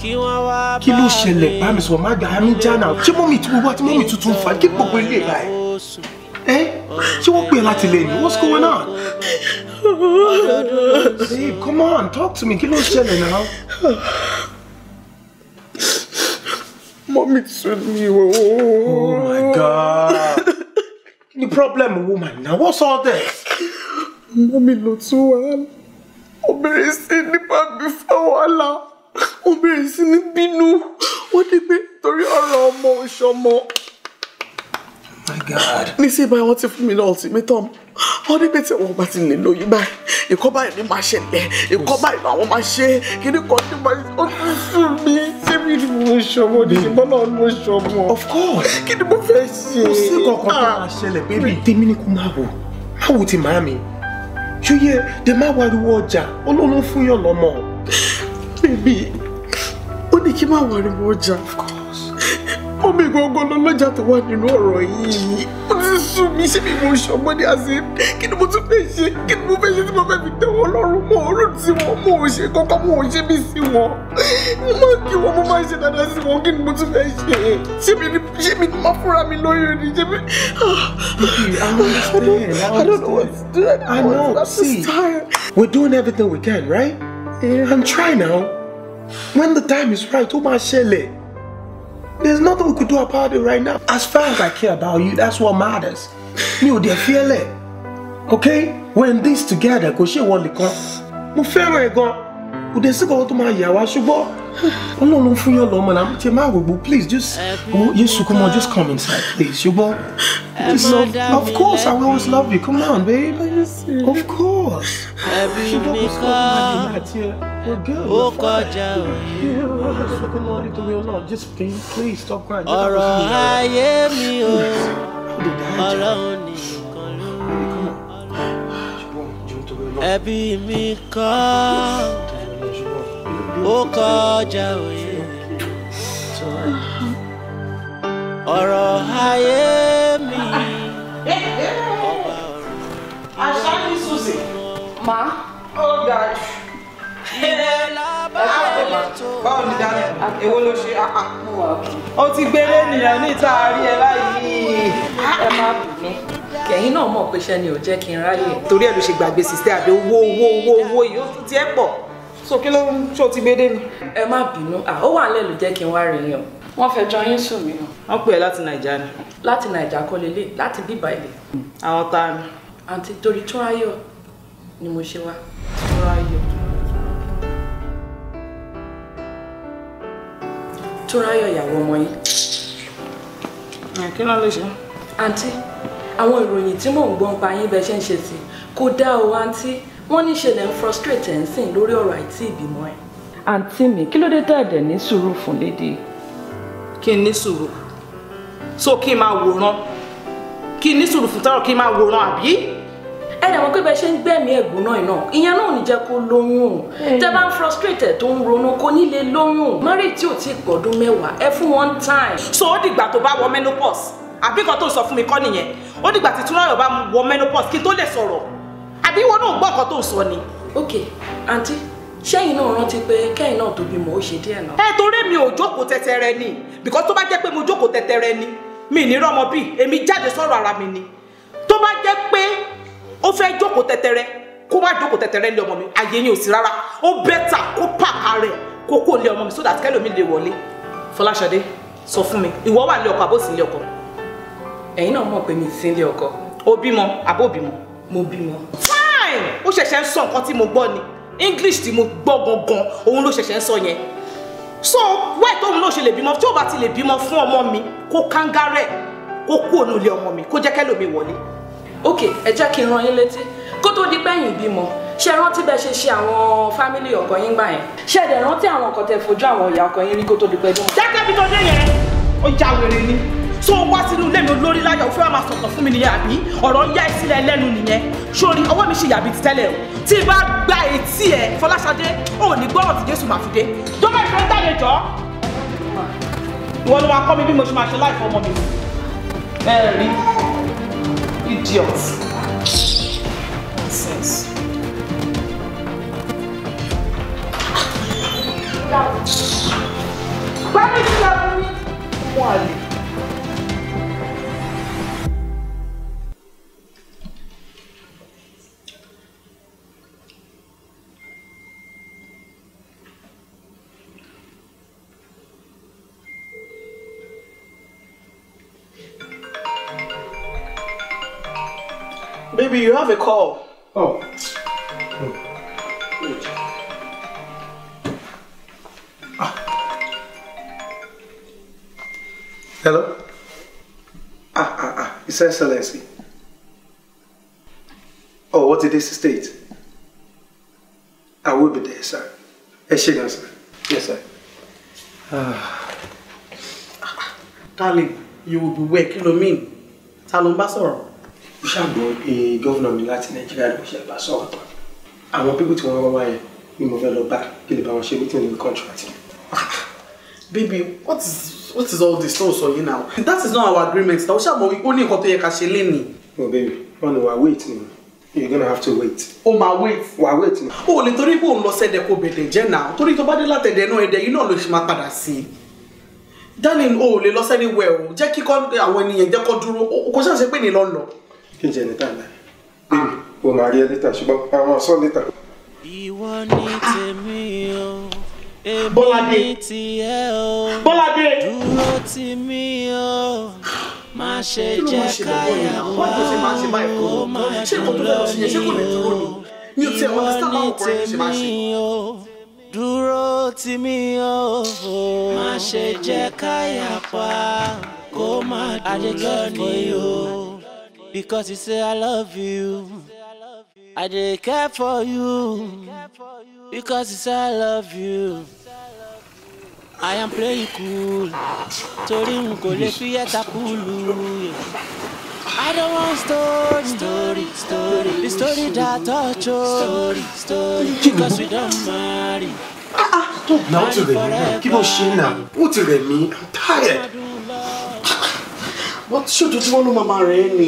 kí wọ́n wá bá mi. kí ló ṣẹlẹ̀ bá mi sọ̀rọ̀ má gbà á mi ṣé mọ́mì tí mo wá tí tuntun fà kí gbogbo ilé rà ẹ́ ṣé wọ́n pè láti lè ní what's going on. See, come on, talk to me. Kí ló ṣẹlẹ̀ now? Mommy told me. Oh. oh my God. The problem, woman. Now what's all this? Mommy ló so well. Ó bẹ̀rẹ̀ sí nípa mi fẹ́ wàhálà. Ó bẹ̀rẹ̀ sí ní bínú. Wọ́n dé pé torí ọ̀rọ̀ ọmọ òṣọmọ. My God. Nísìnyí báyìí wọ́n ti fún mi ní ultimatum. Wọ́n ní pé tí wọ́n bá ti lè lóyún báyìí, ìkọ́ báyìí ni máa ṣẹlẹ̀, ìkọ́ báyìí làwọn máa ṣe, kíní kan ní máa ó ti sùn mí. Sẹ́mi ni mo ṣọmọ, òdìdí bọ́lá ni mo ṣọmọ. Of course. Kí ni mo fẹ́ ṣe? Kò sí kankan tó máa ṣẹlẹ̀ bébì. Tèmi ni kò máa wò, máa wò ti máa mi. Ṣóyè dè má wariwo ọjà, olóhùn fún yàn lọ́mọ. Bébì, ó ní kí Of course omi gbọ̀ngàn lọ́lọ́jà tó wà nínú ọ̀rọ̀ yìí ó ti sùn mí ṣé mi mo ṣọmọdé àṣẹ kí ni mo tún fẹ́ ṣe kí ni mo fẹ́ ṣe tí mo fẹ́ fi tẹ́ wọn lọ́rùn mọ́ ọ̀rọ̀ tí wọn mò ń ṣe kọ́kọ́ mò ń ṣe mí sí wọn mo máa kí wọn mo máa ṣe dáadáa sí wọn kí ni mo tún fẹ́ ṣe ṣé mi ni ṣé mi ni máa fúnra mi lóyún ni ṣé mi. I don't know I know we're doing everything we can right yeah. and try now when the time is right ó máa ṣẹlẹ̀. There's nothing we could do about it right now. As far as I care about you, that's what matters. You, ò feel it, Okay? We're in this together. because she won't come. Mo fẹ́ràn ẹ̀ gan. Kò dé sí kan tó máa yà no, ló fún yàn lọ́mọ náà tí ẹ máa gbogbo please just oh Yesu come on just come inside please You boy, love of course I will always love you come on baby. of course ṣùgbọ́n kò sọ fún mi àti ẹ we're good ó kọjá òye tó ọ̀rọ̀ ayé mi ọba ọ̀rọ̀. aṣáájú susi ma ó ga jù. ilé lábàárẹ̀ tó wà. báwo ni dáná èwo ló ṣe àpapọ̀. Ah, ah. ó ti gbélé nìyẹn níta àárí ẹ báyìí ẹ má bì mí kẹ̀yìn náà mọ̀ pé iṣẹ́ ni ò jẹ́ kí n ráyè. torí ẹ̀ ló ṣe gbàgbé sísẹ́ àbí owó owó owó owó yìí ó ti ẹ̀ pọ̀ so kí ló ń ṣó ti gbé dé ni. ẹ má bínú ó wà nílẹ̀ jẹ́ kí n wá rí yín o. wọ́n fẹ́ jọ yín sùn mí o. wọ́n pè é láti nàìjà ni. láti nàìjà kọ́ lélẹ̀ láti bíbá ilẹ̀. àwọn ta ni. àǹtí torí túnráyọ̀ ni mo ṣe wá. túnráyọ̀. túnráyọ̀ ìyàwó ọmọ yìí. kí ló lè ṣe. àǹtí àwọn ìròyìn tí mò ń gbọ́ ń pa yín bẹ́ẹ̀ ṣe ń ṣe sí kò dá o àǹtí wọ́n ní ṣe lẹ́ ń frustrate ẹ̀ ń sìn lórí ọ̀rọ̀ àìtí ìbímọ ẹ̀. àǹtí mi kí ló dé tá ẹ̀dẹ̀ ní sùúrù fún lédè. kí n ní sùúrù so kí n máa wòran kí n ní sùúrù fún tọrọ kí n máa wòran àbí. ẹ dẹ̀ mọ̀ pé bẹ́ẹ̀ ṣe ń gbẹ̀mí ẹ̀gbọ́n náà iná ìyẹn náà ò ní jẹ́ kó lóyún tẹ́ bá ń frustrate tó ń ronú kó nílé lóyún mary tí ò tí ì pọ̀dún mẹ́wàá ẹ fún one time. so ó dìgbà tó bá wọ menopause àbí kan tó sọ fún mi kọ́ nìyẹn ó dìgbà tí túnráyọ̀ bá wọ menopause kí tó lè sọ̀rọ̀ àbí ìwọ náà gbọ́ ọ̀kan tó sọ ni. ok àǹtí ṣẹ́yìn náà rántí pé kẹ́yìn náà tó bímọ ó ṣe díẹ̀ náà. ẹ torí mi ò jókòó tẹtẹrẹ ni because tó bá jẹ́ pé mo jókòó tẹtẹrẹ ni mi ní rọmọ bíi èmi jáde sọ̀rọ̀ ara mi ni tó bá jẹ́ pé ó fẹ́ jókòó tẹtẹrẹ kó má jókòó tẹtẹrẹ lé ọmọ mi àyè yín ò sí rárá ó bẹ́tà kó pàkà rẹ̀ kó kó lé ọmọ mi so that kẹ́lòmí lè wọlé Fọláṣadé sọ fún mi ìwọ wà lé ọkọ àbòsí lé ọkọ ẹ̀yin náà mọ̀ pé mi ti ń lé ọkọ ó bímọ àbó mo bímọ. fine ó ṣẹ̀ṣẹ̀ ń sọ nǹkan tí mo gbọ́ ni english tí mo gbọ́ gangan òun ló ṣẹ̀ṣẹ̀ ń sọ yẹn so wẹ́ẹ̀ tóun náà ṣe lè bímọ tí ó bá ti lè bímọ fún ọmọ mi kó kángáárẹ̀ kó kú òun ilé ọmọ mi kó jẹ́ kẹ́lòmí wọlé. ok ẹ jẹ́ kí n ran yín létí kó tó di pẹ́yìn bímọ ṣe rántí bẹ ṣe ṣe àwọn fámílì ọkọ yín gbà yẹn ṣe dẹ̀ rántí àwọn ọkọ tẹ fojú àwọn ìyá ọkọ yín rí kó tó di pẹ́ dùn. jákèjì tó dé yẹn ó já ni tó wá sínú ilé mi olórí láyọ̀ òfin wa máa sọ̀tọ̀ fún mi nìyẹn àbí ọ̀rọ̀ yá ìsílẹ̀ ẹlẹ́nu nìyẹn sórí ọwọ́ mi ṣe yàbí ti tẹ́lẹ̀ o tí bá gba etí ẹ Fọláṣadé ò ní gbọ́rọ̀ tí Jésù máa fi dé dọ́mọ̀ ìfẹ́ ń dàgbé jọ́ ìwọ ló máa kọ́ mi bí mo ṣe máa ṣe láìfọ́ ọmọ mi ẹ rí idiot nonsense. Gbẹ́mí ti lọ rí. Wọ́n àlè. have a call. Oh. oh. Ah. Hello? Ah, ah, ah. His Excellency. Oh, what did this state? I will be there, sir. Eshigan, sir. Yes, sir. Ah. ah. Darling, you will be where? Kí ló mean? Ta ló mo ṣàgbọ́ gọ́vùnà mi láti nàìjíríà ló ṣe bá sọ̀rọ̀ àwọn pípọ̀ tí wọ́n rán wáyé ni mo fẹ́ lọ bá kí lè bá wọn ṣe bí ní contract. baby what is what is all this tó sọ yìí now that is not our agreement na o ṣàmọ ó ní nǹkan tó yẹ ká ṣe léni. no baby wọn ni wàá wait ni you're gonna have to wait. o ma wait. wàá wait ni. o lè torí pé òun lọ sẹ́dẹ̀ kó bẹ̀dẹ̀ jẹ́ náà torí tó bá dé látẹ̀dẹ̀ náà ẹ̀dẹ̀ yìí náà ló ṣe máa padà sí i darling o lè lọ sẹ́ni wẹ̀ o jẹ́ kíkọ́ àwọn ènìyàn jẹ́ kọ́ dúró kò ṣàṣepé ní lọ́nà kí n jẹ ní tàbí bẹ́ẹ̀ni o máa rí ẹ lẹ́tà ṣùgbọ́n àwọn sọ lẹ́tà. ìwọ ni tèmi o èmi ni tiẹ̀ o dúró tì mí o má ṣe jẹ́ káyà wá o má dùn lóyún mi ò tiẹ̀ wọ́n ti dúró tì mí o má ṣe jẹ́ káyà pa kó má dùn lóyún because you say I love you. I did care for you because you say I love you. I am playing cool torí n kò fi ẹ̀ta kúlù. I don't want story, story, story. The story that touch story, story. Because we don't marry. Ah ah! Oh, now to the me. Kí ló ṣe náà? Ó I'm tired wọ́n ṣé ojoojúmọ́ ló máa máa rẹ̀ ẹ́ ni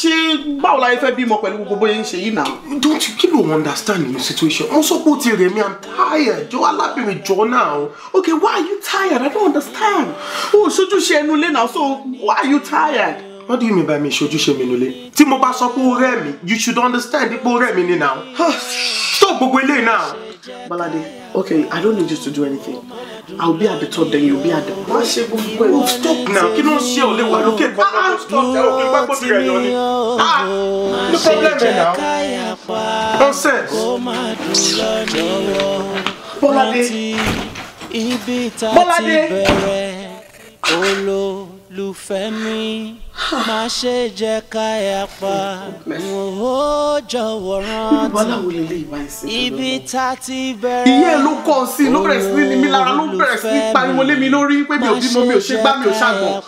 ṣé báwo la fẹ́ bímọ pẹ̀lú gbogbo bóyá ń ṣe yìí náà. don't you kí ló understand your situation mo sọ pé o ti rẹ̀ mí i'm tired jọ alábìrin jọ náà okay why are you tired i don't understand o ṣojú ṣe ẹnu lé náà so why are you tired. What do you mean by me ṣojúṣe mi nulẹ̀? Tí mo bá sọ pé ó rẹ̀ mí, you should understand pé ó rẹ̀ mí ni now. Stop gbogbo eléyìí now. Bọ́ládé, Okay, I don't need you to do anything. I'll be at the top, then you'll be at the bottom. Wọ́n ṣe gbogbo Stop now. Kí ló ń ṣe ọ̀lẹ́ wa lókè kan náà? Stop now. Ah! No problem ẹ̀ eh, náà. Nonsense. Bọ́ládé. Bọ́ládé. Lùfẹ́mi má ṣe jẹ́ ká yapa ó jọ̀wọ́ rántí ibi tá a ti bẹ̀rẹ̀ ìyá ẹ̀ ló kọ́ ọ sí ló bẹ̀rẹ̀ sí ní mi lára ló bẹ̀rẹ̀ sí ní pariwo lé mi lórí pé mi ò bímọ mi ò ṣe gbá mi ò ṣàgbọ̀n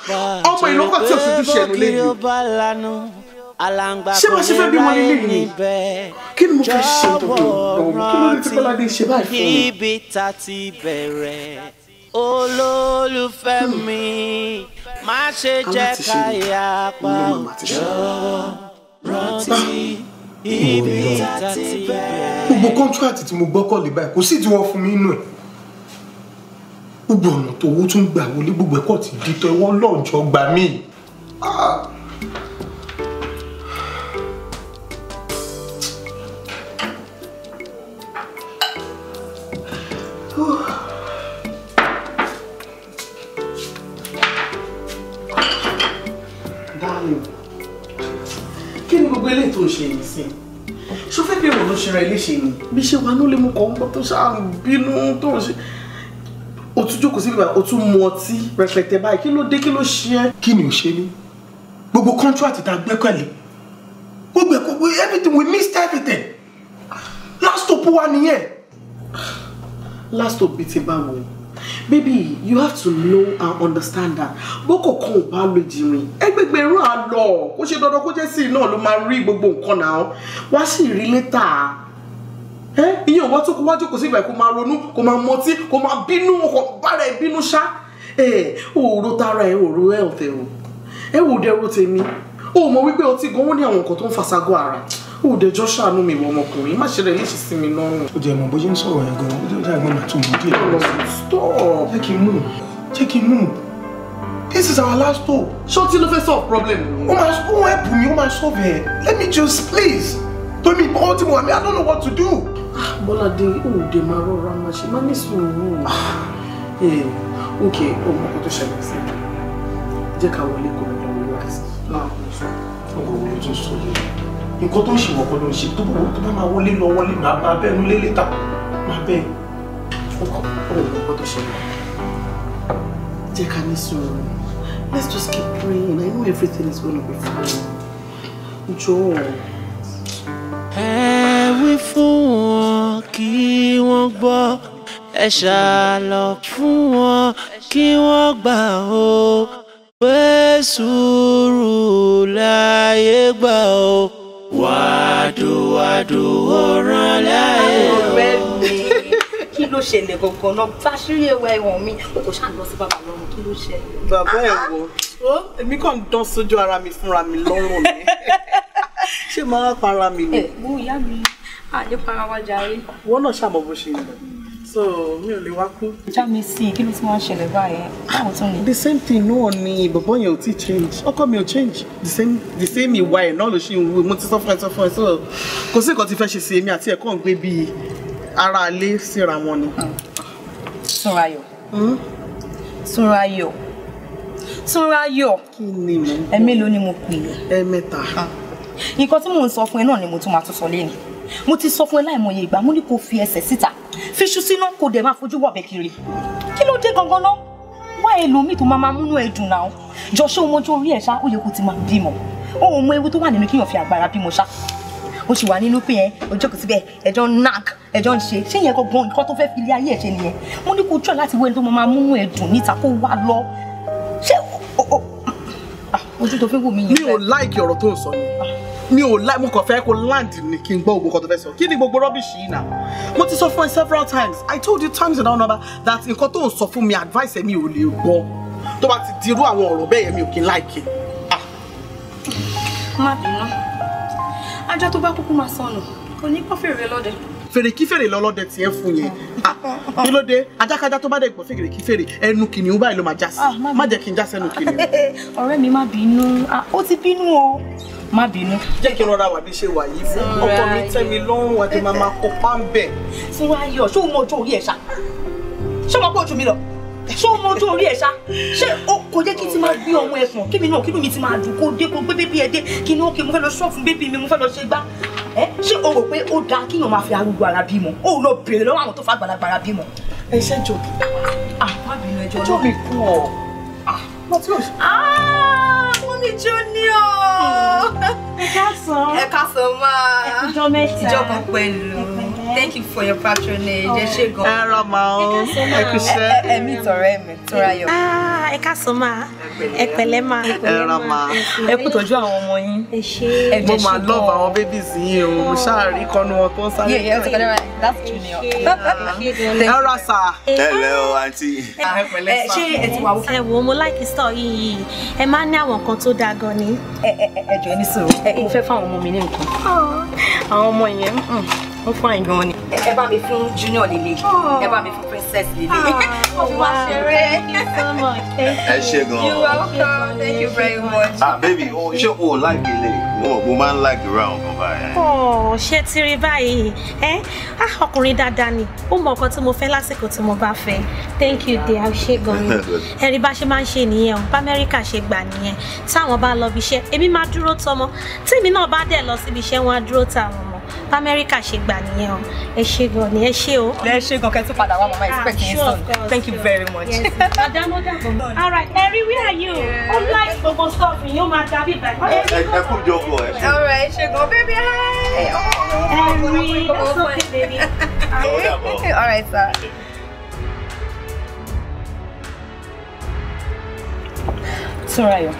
ọmọ ìlọ́kọ̀ tí òṣùjú ṣẹ̀nu lé mi alangba kò ní báyìí níbẹ̀ jọ̀wọ́ rántí ibi tá a ti bẹ̀rẹ̀ olólùfẹ́ mi má ṣe jẹ́ ká yapa ọjọ́ rántí ibi tá ti bẹ̀rẹ̀. gbogbo kọ́ńtíráàtì tí mo gbọ́kànlé báyìí kò sí tí fún mi nù ẹ̀ gbogbo ọ̀nà tó owó tún gbà wọlé gbogbo ẹ̀kọ́ ti di tọ́ ẹwọ́ lọ́jọ́ gbà mí. Ah! ṣera ẹ ni bí ṣe wà ní ó mú kọ́ ń gbọ́ tó ṣáà bínú tó ń ṣe o tún jókòó síbi báyìí o tún mu ọtí rẹpẹtẹ báyìí kí ló dé kí ló ṣe é. kí ni ò ṣe ní gbogbo contract tá a gbẹ́kẹ̀lé gbogbo ẹ̀kọ́ everything we missed everything last stop wa nìyẹn. last stop bíi ti báwo baby you have to know and understand that boko kan ò bá lo jìnrìn ẹgbẹgbẹrún àlọ kó ṣe dandan kó jẹ sí i náà ló máa rí gbogbo nǹkan náà wá sí rí létà ìyẹn òwò tó kó wájú kò sí ìgbà kó máa ronú kó máa mọtí kó máa bínú kó bára ẹ bínú ṣá òòró tara ẹ òòró ẹ ọ̀tẹ̀ o ẹ wò dẹrù tèmi o mọ wípé ọtí gan ó ní àwọn nǹkan tó ń fasago ara ó dẹjọ́ ṣàánú mi ìwọ ọmọkùnrin má ṣe rẹ̀ léṣe sí mi lọ́rùn. ó jẹ́ ìmọ̀ bó ṣe ń sọ̀rọ̀ yẹn gan-an ó jẹ́ ìjà ìgbọ́n àti òun díẹ̀. stop jẹ́ kí n mú jẹ́ kí n mú this is our last hope. ṣọ́ọ́tì ló fẹ́ solve problem. ó máa ó help mi ó máa solve ẹ̀ let me just please. tomi ìbọn tí mo wà mí i don't know what to do. Bọ́ládé òde máa rọra máa ṣe máa ní sùúrù. Ókè ọmọ kan tó ṣẹlẹ̀ sí mi. Jẹ́ ká wọlé kó lọ lọ́wọ́ láti láàbù fún ọgbọ̀n wọlé tó sọ yìí. Nǹkan tó ń ṣe wọ̀kọ́ ló ń ṣe tó bá máa wọlé lọ wọlé máa bá bẹ́ẹ̀ nulé létà máa bẹ́ẹ̀. Ọmọ kan tó ṣẹlẹ̀. Jẹ́ ká ní sùúrù. Let's just keep praying. I know everything is gonna be fine. Jọ̀ọ́. Ẹ wí fún kí wọ́n gbọ́ ẹ ṣàlọ̀ fún wọn kí wọ́n gbà ó pé sùúrù láyé gbà ó wàdùwàdù ọ̀ràn láyé ó kí ló ṣẹlẹ̀ gangan náà bá ṣírí ẹwà ẹ̀wọ̀n mi o kò ṣáà lọ sí bàbá lọ́rùn kí ló ṣẹlẹ̀. bàbá ẹ̀ wo èmi kàn ń dán sójú ara mi fúnra mi lọ́rùn mi ṣé màá para mi ni. ẹ wo ìyá mi àní ah, para wa jàre. wọn náà ṣàmọ bó ṣe ń lọ so mi ò lè wá kú. já mi sí i kí ló ti máa ń ṣẹlẹ̀ báyẹn báwo tún ni. the same thing náà ni bọ̀bọ̀ yẹn ò tí change ọkọ mi ò change the same the same ìwà ẹ̀ náà ló ṣe ń wú mo ti sọ fún ẹ sọ fún ẹ so kò sí nǹkan tí fẹ́ ṣe sí èmi àti ẹ̀kọ́ ń gbé bíi ara alé síra wọn ni. Súnrayọ̀ hmm? Súnrayọ̀ Súnrayọ̀ kí ni mo. ẹ mélòó ni mo pè é. ẹ mẹ́ta. Ah. nǹkan tí mò ń sọ fún ẹ náà ni mo tún máa tún sọ lẹ́nu mo ti sọ fún ẹ láìmọye ìgbà mo ní kó fi ẹsẹ̀ síta fiṣu síná kó dẹ̀ máa fojú wọ̀bẹ̀ kiri kí ló dé gangan náà wá ẹlòmíì tó máa máa múnú ẹ náà jọ ṣé o mọ orí ẹ ṣá ó yẹ kó ti máa bímọ òun mọ ewu tó wà nínú kíyàn fi agbára bímọ ṣá ó sì wà nínú pé ẹ ọjọ́ kò síbẹ̀ ẹjọ́ nag ẹjọ́ ń ṣe ṣé ìyẹn gangan nǹkan tó fẹ́ fi ilé ayé ẹ̀ ṣe nìyẹn mo ní mi ò láì mo kàn fẹ́ kó land ni kí n gbọ́ gbogbo kan tó fẹ́ sọ kí ni gbogbo rubbish yìí náà mo ti sọ fún ẹ several times i told you times and another that nǹkan tó ń sọ fún mi advice ẹ mi ò lè gbọ́ tó bá ti dirú àwọn ọ̀rọ̀ bẹ́ẹ̀ yẹn mi ò kí n láìkè. Ah. má bínú ajá tó bá kúkú máa sọnù kò ní kófìrí lọ́dẹ fèrè kí fèrè lọ́lọ́dẹ tiẹ̀ fún yẹn ah, ah, kí ló dé ajákajá tó bá dẹ̀ gbọ́ fèrè kí fèrè ẹnu kìnìún báyìí ló máa já sí ah, má jẹ́ kí n já sẹ́nu kìnìún. ọ̀rẹ́ mi má bínú ó ti bínú o má bínú. jẹ́ kí n rọra wà bí ṣe wà yìí fún mi tẹ́ mi lọ́rùn wájú máa máa kópa ń bẹ̀. fún ayọ̀ ṣó o mọ ojú orí ẹ̀ ṣá ṣé o mọ pé mi lọ ṣé o mọ ojú orí ẹ ṣá ṣé kò jẹ́ kí n ti máa gbé ọmọ ẹ pọ̀n kébì náà kébì mi ti máa dùn kó dé kó gbé bébí ẹ dé kí ni ó kí mo fẹ́ lọ ṣọ́ọ̀fù bébí mi mo fẹ́ lọ ṣe gbá ẹ ṣé o rò pé ó dáa kíyàn máa fi arúgbó ara bímọ o lọ bèrè lọ́wọ́ àwọn tó fa àgbàlagbà bímọ. ẹ ṣe jò ah, bí àwọn àbínú ẹjọ́ náà jọ́ mi kú ọ. wọ́n mi jó ní ọ. Hmm. ẹ káàsán ẹ káàsán máa ìjọ ìjọba pẹ̀lú thank you for your patronage ẹ ṣe gan. ẹ rọ ma o ẹ kú iṣẹ́. ẹmí tọrẹ mi tóra yọ. Ah, ẹ káàsán máa ẹ pẹ̀lẹ́ máa ẹ rọ ma ẹ kú tọ́jú àwọn ọmọ yín. ẹ ṣe ẹ jẹ ṣe gan. mo máa love àwọn babies yín o mo ṣáàrí kọnu wọn tó ń sáré. yẹ yẹ ọtí kọ́ni right that's junior. Hello, rọ Hello, ẹ lẹ o àǹtí. ẹ pẹ̀lẹ́ sà. ṣé ẹ ti wà wọ. ẹ wo mo láìkí sọ yìí ẹ máa ń ní àwọn nǹkan tó dáa gan ni. ẹ ẹ ẹ jọ ní sòrò ẹ ìfẹ́ fáwọn ọmọ mi ní nǹkan. Oh. àwọn ọmọ yẹn mm ó fún àìgbọ́n ni. ẹ bá mi fún junior lele ẹ bá mi fún princess lele ó ah, fi wá ṣeré. ẹ ṣe gan-an you welcome thank you very much. ah baby o ṣé o ò like ilé mo máa ń like round kan báyìí. ọ oh, ṣé ti rí báyìí ẹ á ah, ọkùnrin dáadáa ni ó mọ ọkọ tí mo fẹ́ lásìkò tí mo bá fẹ́ thank you dear ó ṣe gan-an ẹ rí bá ṣe máa ń ṣe nìyẹn o bá amẹ́ríkà ṣe gbà nìyẹn táwọn bá lọ bí iṣẹ́ èmi máa dúró tọmọ tí èmi náà bá dẹ̀ lọ síbi iṣẹ́ wọn á dúró tàwọn bamẹ́ríkà ṣe gbà nìyẹn o ẹ ṣe gan ni ẹ ṣe o. lẹ ṣe gan kẹtù padà wá mama expect yẹn sọ thank you very much. madam odabo all right eri where are you o like gbogbo stuff yìí ó máa dàbí ìgbà. ẹ ẹ kú jókòó ẹ ṣe. ọ̀rọ̀ ẹ ṣe gan bébí ẹ rí that's okay baby. all right sir. Túnráyọ̀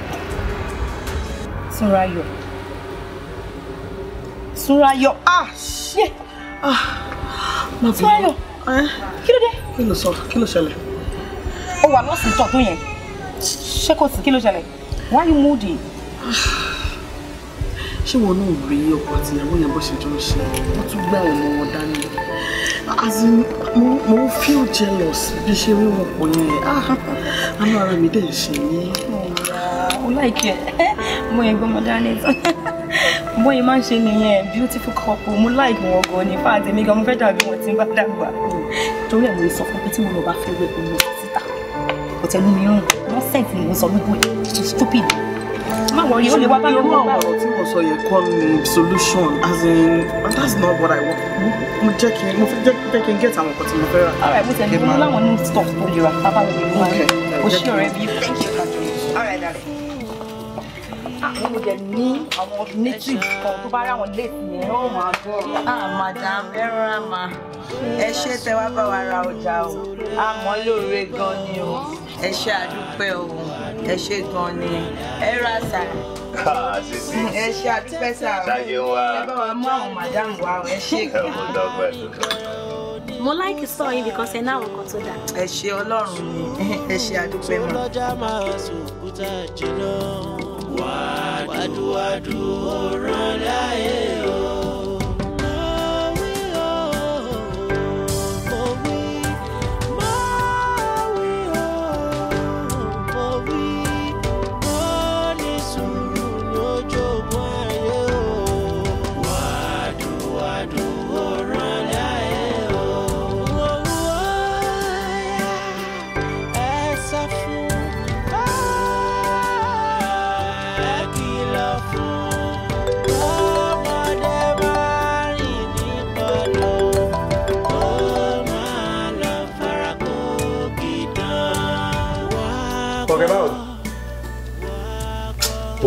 Túnráyọ̀ yo ah shit ah Súráyọ̀ yo, eh? ló dé. kí ló sọ kí ló ṣẹlẹ̀. ó wà lọ́sìtọ̀ tó yẹn ṣé kò sí kí ló ṣẹlẹ̀ why you moody. She wọn náà rí ọkọ àti ìyàwó yẹn bó ṣe jọ ń ṣe wọn tún gbá ọmọ wọn as in mo ń feel jealous bí we rí wọn pọ̀ yẹn I'm ah, ara mi dẹ̀ ṣe yín. ó láìkí ẹ mo yẹn gbọ́mọdé á bọ́n yìí máa ń ṣe nìyẹn beautiful couple mo like wọn gan ni fáà tèmi gan mo fẹ́ dàbí wọn tí ń bá dàgbà. torí ẹ̀ mo sọ fún pé tí mo lọ bá fẹ́ wẹ̀ mo lọ síta ọ̀tẹ̀lú mi rùn nọ́sẹ̀ǹsì ni mo sọ lóko ẹ̀ stupid má wọ̀nyí ó lè wá bá mi mọ́ ọ̀rọ̀ tí mo sọ yẹ kọ́ mi solution as in and that's not what i want mo jẹ́ kí mo fẹ́ jẹ́ kí n get àwọn nǹkan tí mo fẹ́ rà. all right mo tẹ̀lé mo láwọn new stuff tó lè ra pápá mi mú thank you. all right darling àwọn òde ní àwọn native kan tó bá rí late yẹn ó máa bọ̀. ah madam ẹ rọra ma ẹ ṣe tẹ wá bá wa ra ọjà o a mọ lóore gan ni o ẹ ṣe àdúpẹ́ o ẹ ṣe gan ni ẹ ra sàrà ẹ ṣe àdúpẹ́ sàrà o ẹ bá wa mú àwọn madam wa o ẹ ṣe gan mo like sọ yín because ẹ náà wọ tó dà. ẹ ṣe ọlọ́run ni ẹ ṣe àdúpẹ́ mọ́. wàdúwàdú ó rán eh.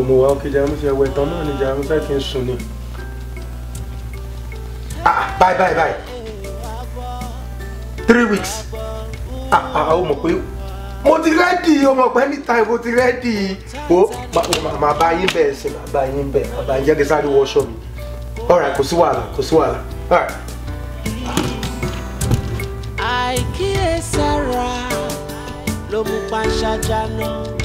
mo wá ókè jẹ́ ṣe ẹwẹ́ tán náà níjà mo fẹ́ kí n sùn ni. Ah, ah, báyìí báyìí báyìí three weeks ó ah, mọ̀ pé mo ti rẹ́dì ọmọ pé anytime mo ti rẹ́dì o màá bá yín bẹ̀ ṣe màá bá yín bẹ̀ màá bá yín jẹ́ kí sáré wọṣọ mi ọ̀rẹ́ kò sí wàhálà kò sí wàhálà ọ̀rẹ́. àìkíyèsára ló mú panṣágá náà.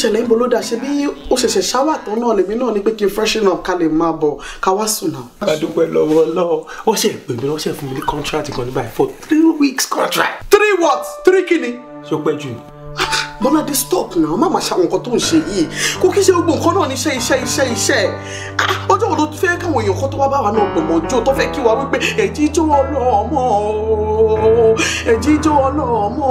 ṣẹlẹ̀ níbo ló dà ṣe bí ó ṣẹ̀ṣẹ̀ ṣáwà tán náà lèmi náà ni pé kí n freshen up ká lè máa bọ̀ ká wá sùn náà. adúpẹ́ lọ́wọ́ lọ́wọ́ wọ́n ṣe pè mí wọ́n ṣe fún mi ní contract kan ní báyìí for three weeks contract. three what three kini. ṣó pẹ́ jù ni. Bọ́ládé stop náà má máa ṣàwọn nǹkan tó ń ṣe yìí kò kí ṣe gbogbo nǹkan náà ní iṣẹ́ iṣẹ́ iṣẹ́ iṣẹ́ ah, ọjọ́ wo ló fẹ́ káwọn èèyàn kan tó wá bá wa náà gbọ̀mọ̀ jó tó fẹ́ kí wa wípé ẹ̀jíjó ọlọ́mọ ẹ̀jíjó ọlọ́mọ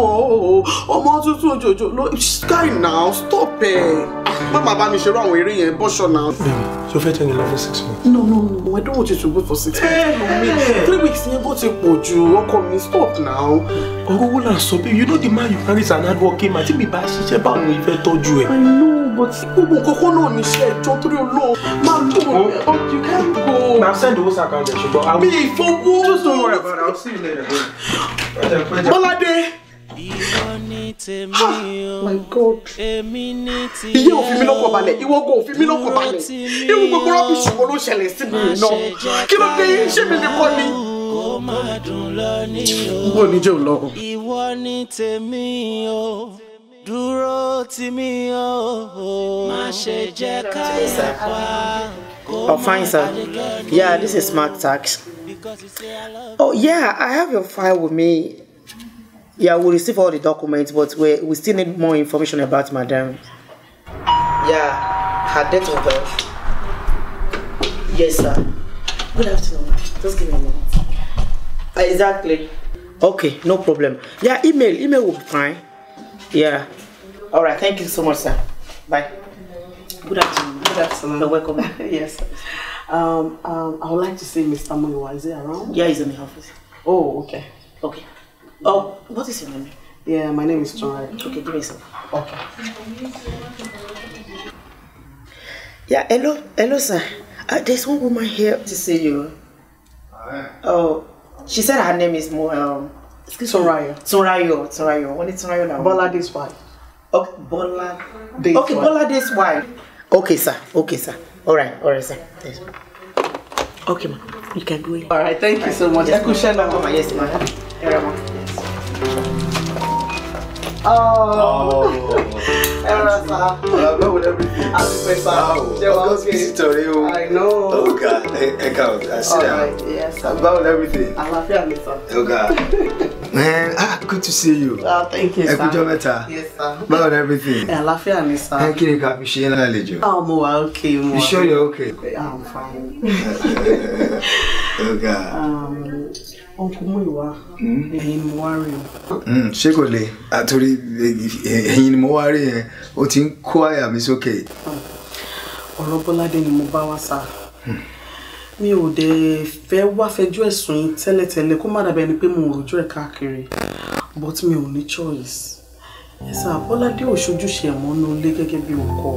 ọmọ tuntun jòjò ló sky now stop ẹ̀ ah, má máa bá mi ṣerú àwọn eré yẹn bọ́ṣọ náà. bẹ́ẹ̀ni so fẹ́ tẹ̀lé lọ six months. no no no I don't want you to go for six months. no eh, me eh. three weeks yẹn bó ti pọ̀ ju ọkọ mi stop now. ọ̀rọ̀ wo la sọ bí you know the man you marry is an hard working man tí mi bá bá ṣiṣẹ́ báwo ni ìfẹ́ tọ́jú ẹ̀. I know but gbogbo kọ́kọ́ náà ní iṣẹ́ ẹjọ́ torí olóò máa go oh. but you can't go. na send owó sàkà ọ̀dẹ̀ ṣùgbọ́n àwọn. mi ìfowó. just don't worry about it I'll see you later. Bọ́ládé. My God. Iye ò fi mí lọ́kọ̀ balẹ̀, ìwọ kò fi mí lọ́kọ̀ balẹ̀. Irú gbogbo rọ́bìṣì wo ló ṣẹlẹ̀ sí mi náà? Kí ló dé ṣé mi lè kọ́ ni? máa dùn lọ ní o. Bó ní tèmi o dúró tì mí o má ṣe jẹ́ ká yẹ wá. Oh, fine, sir. Yeah, this is smart tax. Oh, yeah, I have your file with me. Yeah, we receive all the documents, but we, we still need more information about madam. Yeah, her date of birth. Yes, sir. Good afternoon. Just give me a minute. Exactly. Okay, no problem. Yeah, email. Email will be fine. Yeah. All right. Thank you so much, sir. Bye. Good afternoon. Good afternoon. You're welcome. yes. Um, um, I would like to see Mr. Muiwa. Is he around? Yeah, he's in the office. Oh, okay. Okay. Oh, what is your name? Yeah, my name is John. Okay, give me some. Okay. Yeah, hello, hello, sir. Uh, there's one woman here to see you. Oh, she said her name is Mo. Um, excuse Sorayo. me. Sorayo. Sorayo. Only Sorayo now. this wife. Okay, Bola. Day's okay, wife. this wife. Okay, sir. Okay, sir. All right. All right, sir. Yes. Okay, ma. You can go in. All right. Thank you right. so much. Yes, ma'am. Yes, ma'am. Yes. Oh. oh. Hello, sir. I'm not with everything. I'm super sir. Wow. Of course, visitor, I know. Oh, God. I, I can't. I see that. Right. Yes. I'm not with everything. I am you, sir. Oh, God. Man, eh, ah, good to see you. Ah, thank you, sir. Ẹ kú ọjọ́ mẹ́ta. Yes, sir. How About everything. Eh, àlàáfíà ni, sir. Thank you, Kapi. She ain't allergic. Oh, mo okay, mo You sure you're okay? Eh, ah, I'm fine. okay. Um, Uncle Muiwa, hmm? ẹ̀yin mo wá rí o. Hmm, ṣé kò le? Àtòrí ah, ẹ̀yin ni mo wá rí yẹn, o ti ń kó àyà mi sókè. Hmm. Ọ̀rọ̀ Bọ́ládé ni mo bá wá sá mi ò dẹ̀ fẹ́ wá fẹjọ́ ẹ̀sùn yín tẹ́lẹ̀tẹ́lẹ̀ kó má dàbẹ̀ ni pé mo rojọ́ ẹ̀ káàkiri but mi ò ní choice ẹ̀sà àbọ́ládé ò ṣojúṣe ẹ̀mọ́nú ilé gẹ́gẹ́ bí ọkọ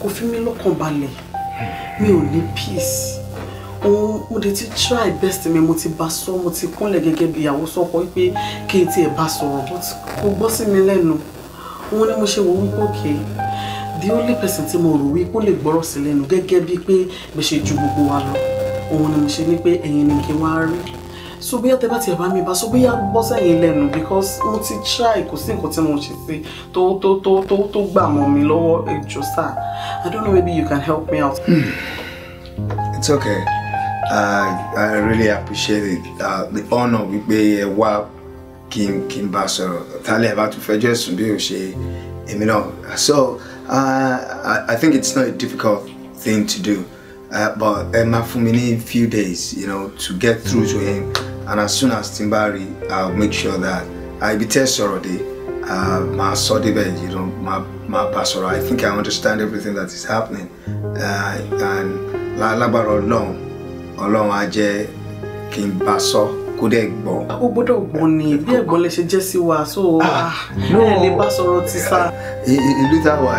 kò fi mí lọ́kàn balẹ̀ mi ò ní peace òun mo dẹ̀ ti try best mi mo ti bá sọ mo ti kúnlẹ̀ gẹ́gẹ́ bí ìyàwó sọ́kọ wípé kí n tiẹ̀ bá sọ̀rọ̀ but kò gbọ́ sí mi lẹ́nu òun ni mo ṣe wò wípé òkè the only person tí mo rò wí kó lè gbọ́rọ̀ sí lẹ́nu gẹ́gẹ́ bíi pé mo ṣe ju gbogbo wa lọ òun ni mo ṣe ní pé ẹ̀yin ni kí wọ́n á rí so bóyá tẹ bá tiẹ̀ bá mi bá so bóyá bọ́ sẹ́yìn lẹ́nu because mo ti try kò sí nǹkan tí mo ṣe sí tó tó tó tó tó gbà mọ́ mi lọ́wọ́ ẹjọ́ sáà I don't know maybe you can help me out. Hmm. It's okay. I I really appreciate it. Uh, the honor wípé ẹ wá kí n kí n bá sọ̀rọ̀ tálẹ̀ bá tún fẹjọ́ ẹ̀sùn bí o ṣe èmi náà so. Uh, I, think it's not a difficult thing to do, uh, but Emma for me a few days, you know, to get through to him. And as soon as Timbari, I'll make sure that I be test already. Uh, my my sorry, you know, my my pastor. I think I understand everything that is happening. Uh, and la labaro long, along I je king basso kò dẹ̀ gbọ́n. ó gbọ́dọ̀ gbọ́n ni bí ẹ̀gbọ́n lè ṣe jẹ́ sí wa so ah, ah, ẹ lè bá sọ̀rọ̀ ti sá. ìlú táwa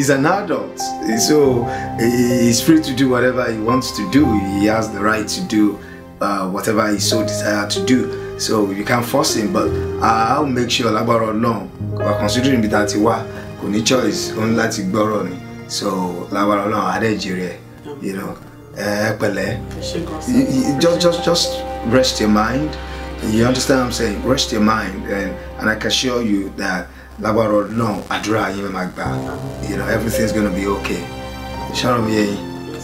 is an adult so he is free to do whatever he wants to do he has the right to do uh, whatever he so desire to do so you can force him but uh, I'll make sure lágbára Ọlọ́run considering bí ta ti wá kò ní choice òun láti gbọ́rọ̀ ni so lágbára Ọlọ́run adẹ́jì rẹ̀ you know ẹ pẹ̀lẹ́ just just just rest your mind. You understand what I'm saying? Rest your mind. And, and I can assure you that Labaro, no, Adra, Yimagba, you know, everything's gonna be okay. Sharon,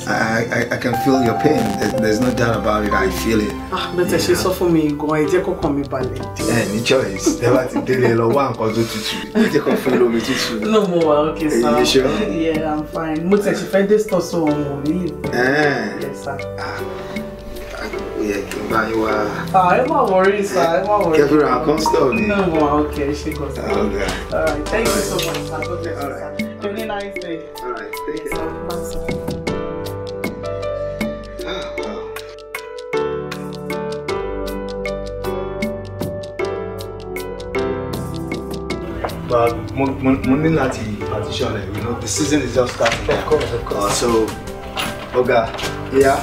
I, I, I can feel your pain. There's, no doubt about it. I feel it. Ah, but she sọ fún mi gan. Ẹ jẹ́ kó kàn mí balẹ̀. Eh, ní choice. Tẹ́ bá ti délé lọ wá nǹkan tó tutù. Ẹ jẹ́ kó fún lómi tútù. No more. okay sir. Are You sure? Yeah, I'm fine. But tẹ̀ ṣe fẹ́ dé store so mo Eh. Yes sir. Ah. ó yẹ kí n bá yín wá. Ah, ẹ má worry sir ẹ má worry. kẹfì ra constant ni. no mo ok she ah, kò sí. all right thank you so much sir All right. bless you sir have a nice day. all right take care. But Monday láti you know, the season is just starting. Of course, of course. Uh, so, Oga, yeah.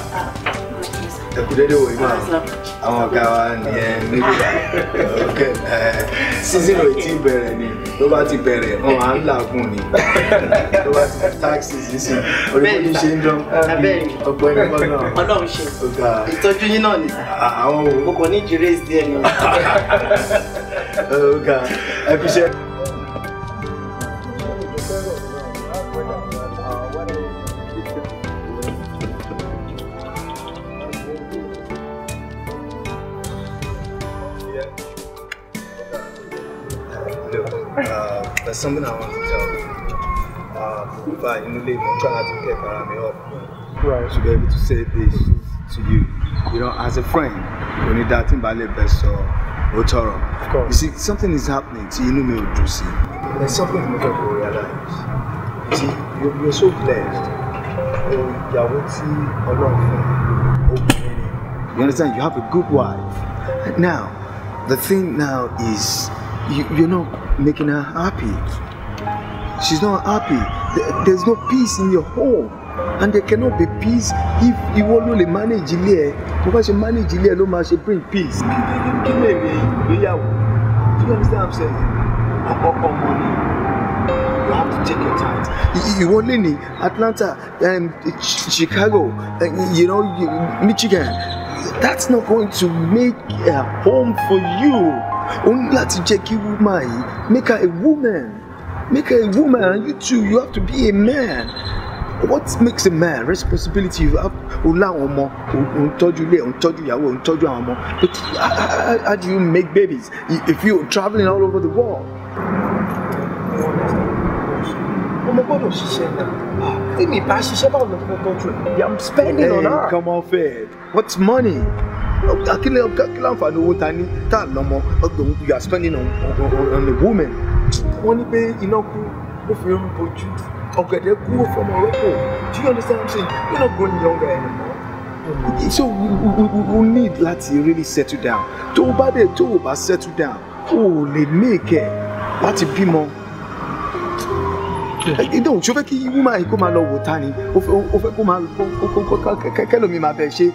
ẹkúdédé wò yìí náà àwọn ọ̀gá wa nìyẹn nígbà season rẹ̀ ti bẹ̀rẹ̀ ni tó bá ti bẹ̀rẹ̀ wọn à ń làágùn ni tó bá ti taxi sísìn oríṣiríṣi ṣe ń dán ọgbọ́n yín kọ́ náà ọlọ́run ṣe ìtọ́jú yín náà ni àwọn wo kò ní jù race díẹ̀ ni ọ̀gá ẹ fi ṣe. There's something I want to tell you. Uh, if I in the leave, I'm trying to get me up. Right. To be able to say this to you. You know, as a friend, when you're dating Bale Beso or Toro. Of course. You see, something is happening to you, me There's something you to realize. You see, you're, you're so blessed. You understand? You have a good wife. Now, the thing now is you, are not making her happy. She's not happy. There's no peace in your home. And there cannot be peace if you ló lè manage here because Bó manage here ẹ ló máa bring peace. Kí lè rí ìgbéyàwó? Do you understand what I'm saying? Ọ̀pọ̀ ọmọ ni. You have to take your time. You lè ní Atlanta, um, Chicago, uh, you know, Michigan. That's not going to make a home for you o ní láti jẹ́ kí woman yìí make her a woman make her a woman and you too you have to be a man what makes a man responsibility you have o láwọn ọmọ o ń tọ́jú ilé o ń tọ́jú ìyàwó o ń tọ́jú àwọn ọmọ but how, how do you make babies if you are travelling all over the world. ọmọ gbọ́dọ̀ ṣiṣẹ́ náà tí mi bá ṣiṣẹ́ báwo ló fẹ́ tọ́jú ẹ̀. I'm spending hey, on her. come on, it what's money kílẹ̀ kílẹ̀ àǹfààní owó ta ní tá a lọ́mọ you are spending on, on, on a woman. wọ́n ní pé iná kú ó fi irun bojú ọ̀gẹ̀dẹ̀ kú ó fọmọ rọ́pò do you understand what I'm saying you're not growing younger anymore. Okay, so we, we, we need Lati really settle down tó o bá dé tó o bá settle down o ò lè make ẹ̀ láti bímọ ìdóhùn tí o fẹ́ kí wúmá yìí kó máa lọ wò ta ni o fẹ́ kó máa kẹ́lómi máa bẹ̀ ṣe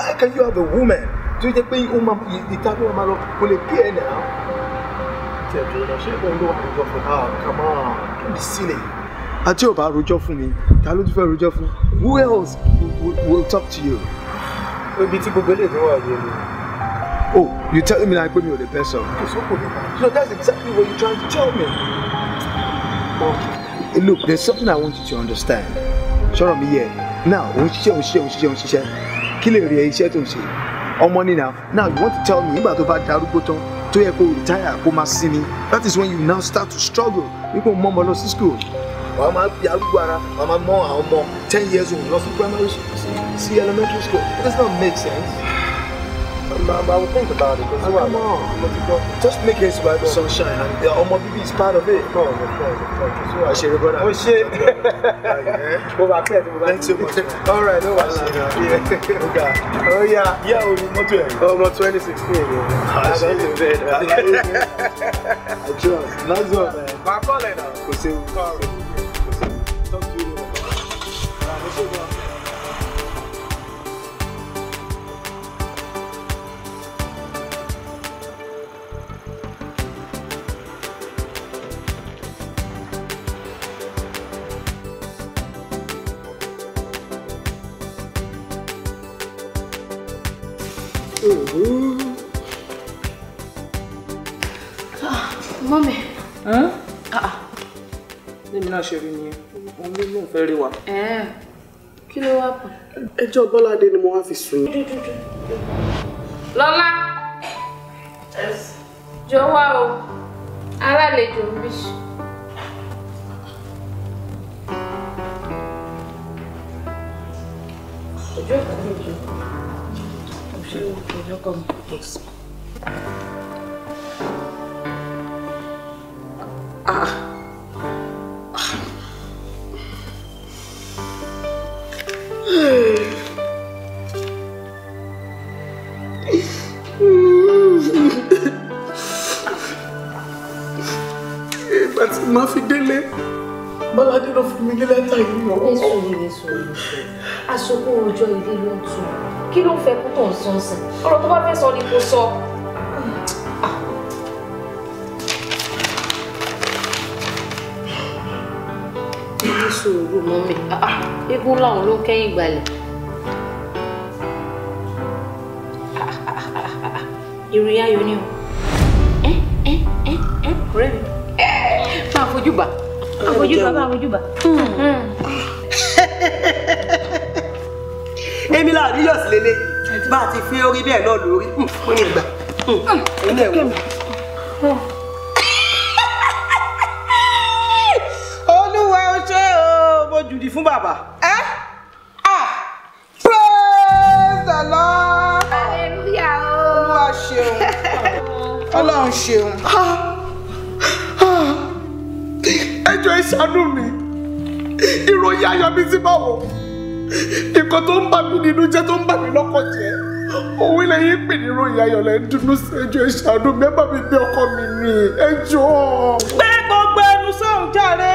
how can you have a woman tó jẹ́ pé ó máa ìta tó máa lọ kó lè pí ẹ̀ náà. tí ẹ jọ lọ ṣé ìbọn ló wà lójọ fún ta kàmá tó bí sílẹ̀. àti ò bá rojọ́ fún mi ta ló tún fẹ́ rojọ́ fún who else will, will talk to you. ibi tí gbogbo eléyìí tó wà yé mi. oh you tell me like pé mi ò lè bẹ́ kò sóko mi no that's exactly what you trying to tell me. Hey, look there's something I want you to understand. sọ̀rọ̀ mi yẹ now òun ṣiṣẹ́ òun ṣiṣẹ́ òun ṣiṣẹ́ òun ṣiṣẹ́ kí lè rí iṣẹ́ tó ṣe ọmọ nínà now you want to tell me nígbà tó bá darúgbó tán tó yẹ kó retire kó máa sinmi that is when you now start to struggle wípé mo mọ ọmọ lọ sí school wàá máa fi arúgbó ara wàá máa mọ àwọn ọmọ ten years old lọ sí primary school sí elementary school it does not make sense. Mama, I will think about it. Ah, come on. Just make it wife the sunshine and the Omo Bibi is part of it. Of course, of course, I should have Oh shit. Go Thank you so much. All right, no worries. Yeah. Oh, oh yeah. Yeah, we oh, more 20. Oh, more 2016. I don't in bed. I trust. That's all, man. My calling now. Talk to you. Mọ́mí. Ah, ah. Lèmi náà ṣe rí nìyẹn, òun ló lóun fẹ́ rí wa. Eh. Kí ló wá pọ̀? Ẹjọ́ Bọ́ládé ni mo wá fi sùn yín. Lọ́lá, jọ̀wọ́ o, alálejò ń bí sùn. eu como isso. àsopọ̀ ọjọ́ ìdí ló ń tu kí ló ń fẹ́ kú tó ń sọ sàn ọ̀rọ̀ tó bá fẹ́ sọ ni kò sọ. ní sòrò mọ́ mi ah, ah, eégún làwọn ló ń kẹ́yìn gbalẹ̀. ìròyìn ah, ayọ̀ ni o ẹ ẹ ẹ ẹ ọ̀rẹ́ mi eh, máa fojú bá máa fojú bá máa fojú bá. mílà níyọ̀sí lélẹ́yìí bá a ti fi orí bẹ́ẹ̀ náà lórí ó ní ìgbà ó ní ẹ̀wọ̀n. jẹ́ tó ń bà mí lọ́kọ̀ jẹ́ òwe lẹ́yìn pè ní ròyìn ayọ̀lẹ̀ dunu ẹjọ́ ìṣàánú mẹ́bà mi bí ọkọ mi ni ẹjọ́. pé gbogbo ẹnu sóhun jàre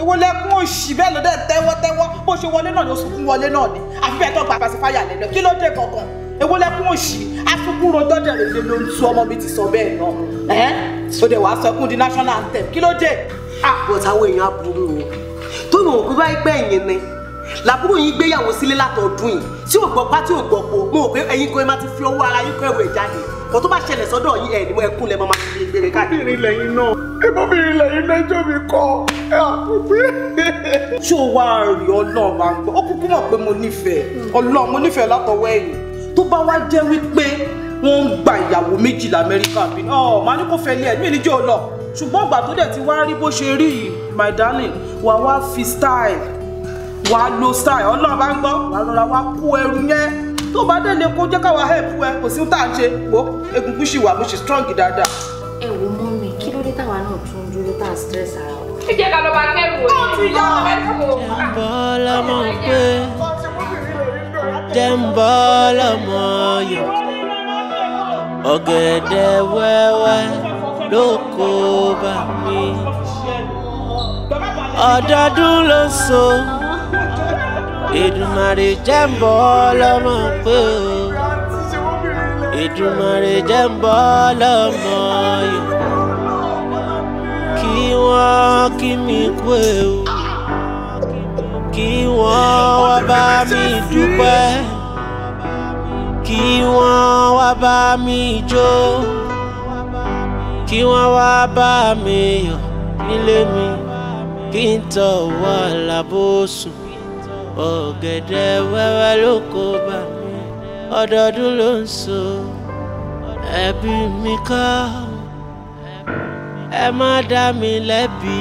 ìwọ lẹkùn òṣì bẹ́ẹ̀ ló dẹ tẹ́wọ́tẹ́wọ́ bó ṣe wọlé náà ló sunkún wọlé náà ni àfi bẹ́ẹ̀ tó gba pàṣípàyà lẹ́nu kí ló dé kankan ìwọ lẹkùn òṣì asunkún rojọ́ dẹ lè ló ń tú ọmọ mi ti sọ bẹ́ẹ̀ náà ẹ ó dẹ wàá sọkún di national anthem kí ló dé. àbọ̀tàwọn ah, èèyàn aburú o tó yàn òkú bá gbẹ̀yìn ni làbúrò yín gbéyàwó sílé látọ̀ọ́dún yìí tí ò gbọ́ pa tí ò gbọ́ po mo rò pé ẹ̀yin kan máa ti fi ọwọ́ ara yín kọ́ ẹ̀wọ̀ ìjáde kò tó bá ṣẹlẹ̀ sọ́dọ̀ yín ẹ̀ ní mo ẹkún lẹ́ mọ́ máa fi gbére káàkiri. obìnrin lẹ́yìn náà obìnrin lẹ́yìn lẹ́jọ́ mi kọ́ ẹ àpòpé. ṣé o wá rí ọlọ́run máa ń gbọ́ ó kúkú mọ̀ pé mo nífẹ̀ẹ́ ọlọ́run mo nífẹ̀ẹ́ látọwọ́ ẹ̀yìn tó bá wá jẹ́ wípé wọ́n ń gba ìyàwó méjì lamẹ́ríkà bí ọ màá ní kó fẹ́ lé ẹ̀ mí níjọ́ lọ ṣùgbọ́n ìgbà tó dẹ̀ ti wá rí bó ṣe rí yìí my darling wà wá fi style wà á lo style ọlọ́run bá ń gbọ́ wà á lọ́ra wá kó ẹrù yẹn tó bá dé lè kó jẹ́ káwa help ẹ kò sí tá à ń ṣe o egungun ṣì wà mo ṣì strong dáadáa. ẹ wo mọ mi kí ló dé táwa náà tún dúró tá a stress ara wa. ẹ jẹ́ ká lọ bá kẹ́rù o. ó ti yá ọ ẹ bọ́ lọ́mọ ń bọ́ lọ́mọ yọ ọ̀gẹ̀dẹ̀ wẹ́wẹ́ ló kó bá mi ọ̀dọ́dún ló so. Èdùmàrè jẹ́ ń bọ́ lọ́mọ pé o Èdùmàrè jẹ́ ń bọ́ lọ́mọ yìí kí wọ́n kí mi kú ewu kí wọ́n wá bá mi dúpẹ́ kí wọ́n wá bá mi jó kí wọ́n wá bá mi yọ̀ nílé mi kí n tọ̀ wà lábòsùn ọ̀gẹ̀dẹ̀ wẹ́wẹ́ ló kó bá mi ọdọọdún ló ń so ẹbí mi kọ́ ẹ má dá mi lẹ́bi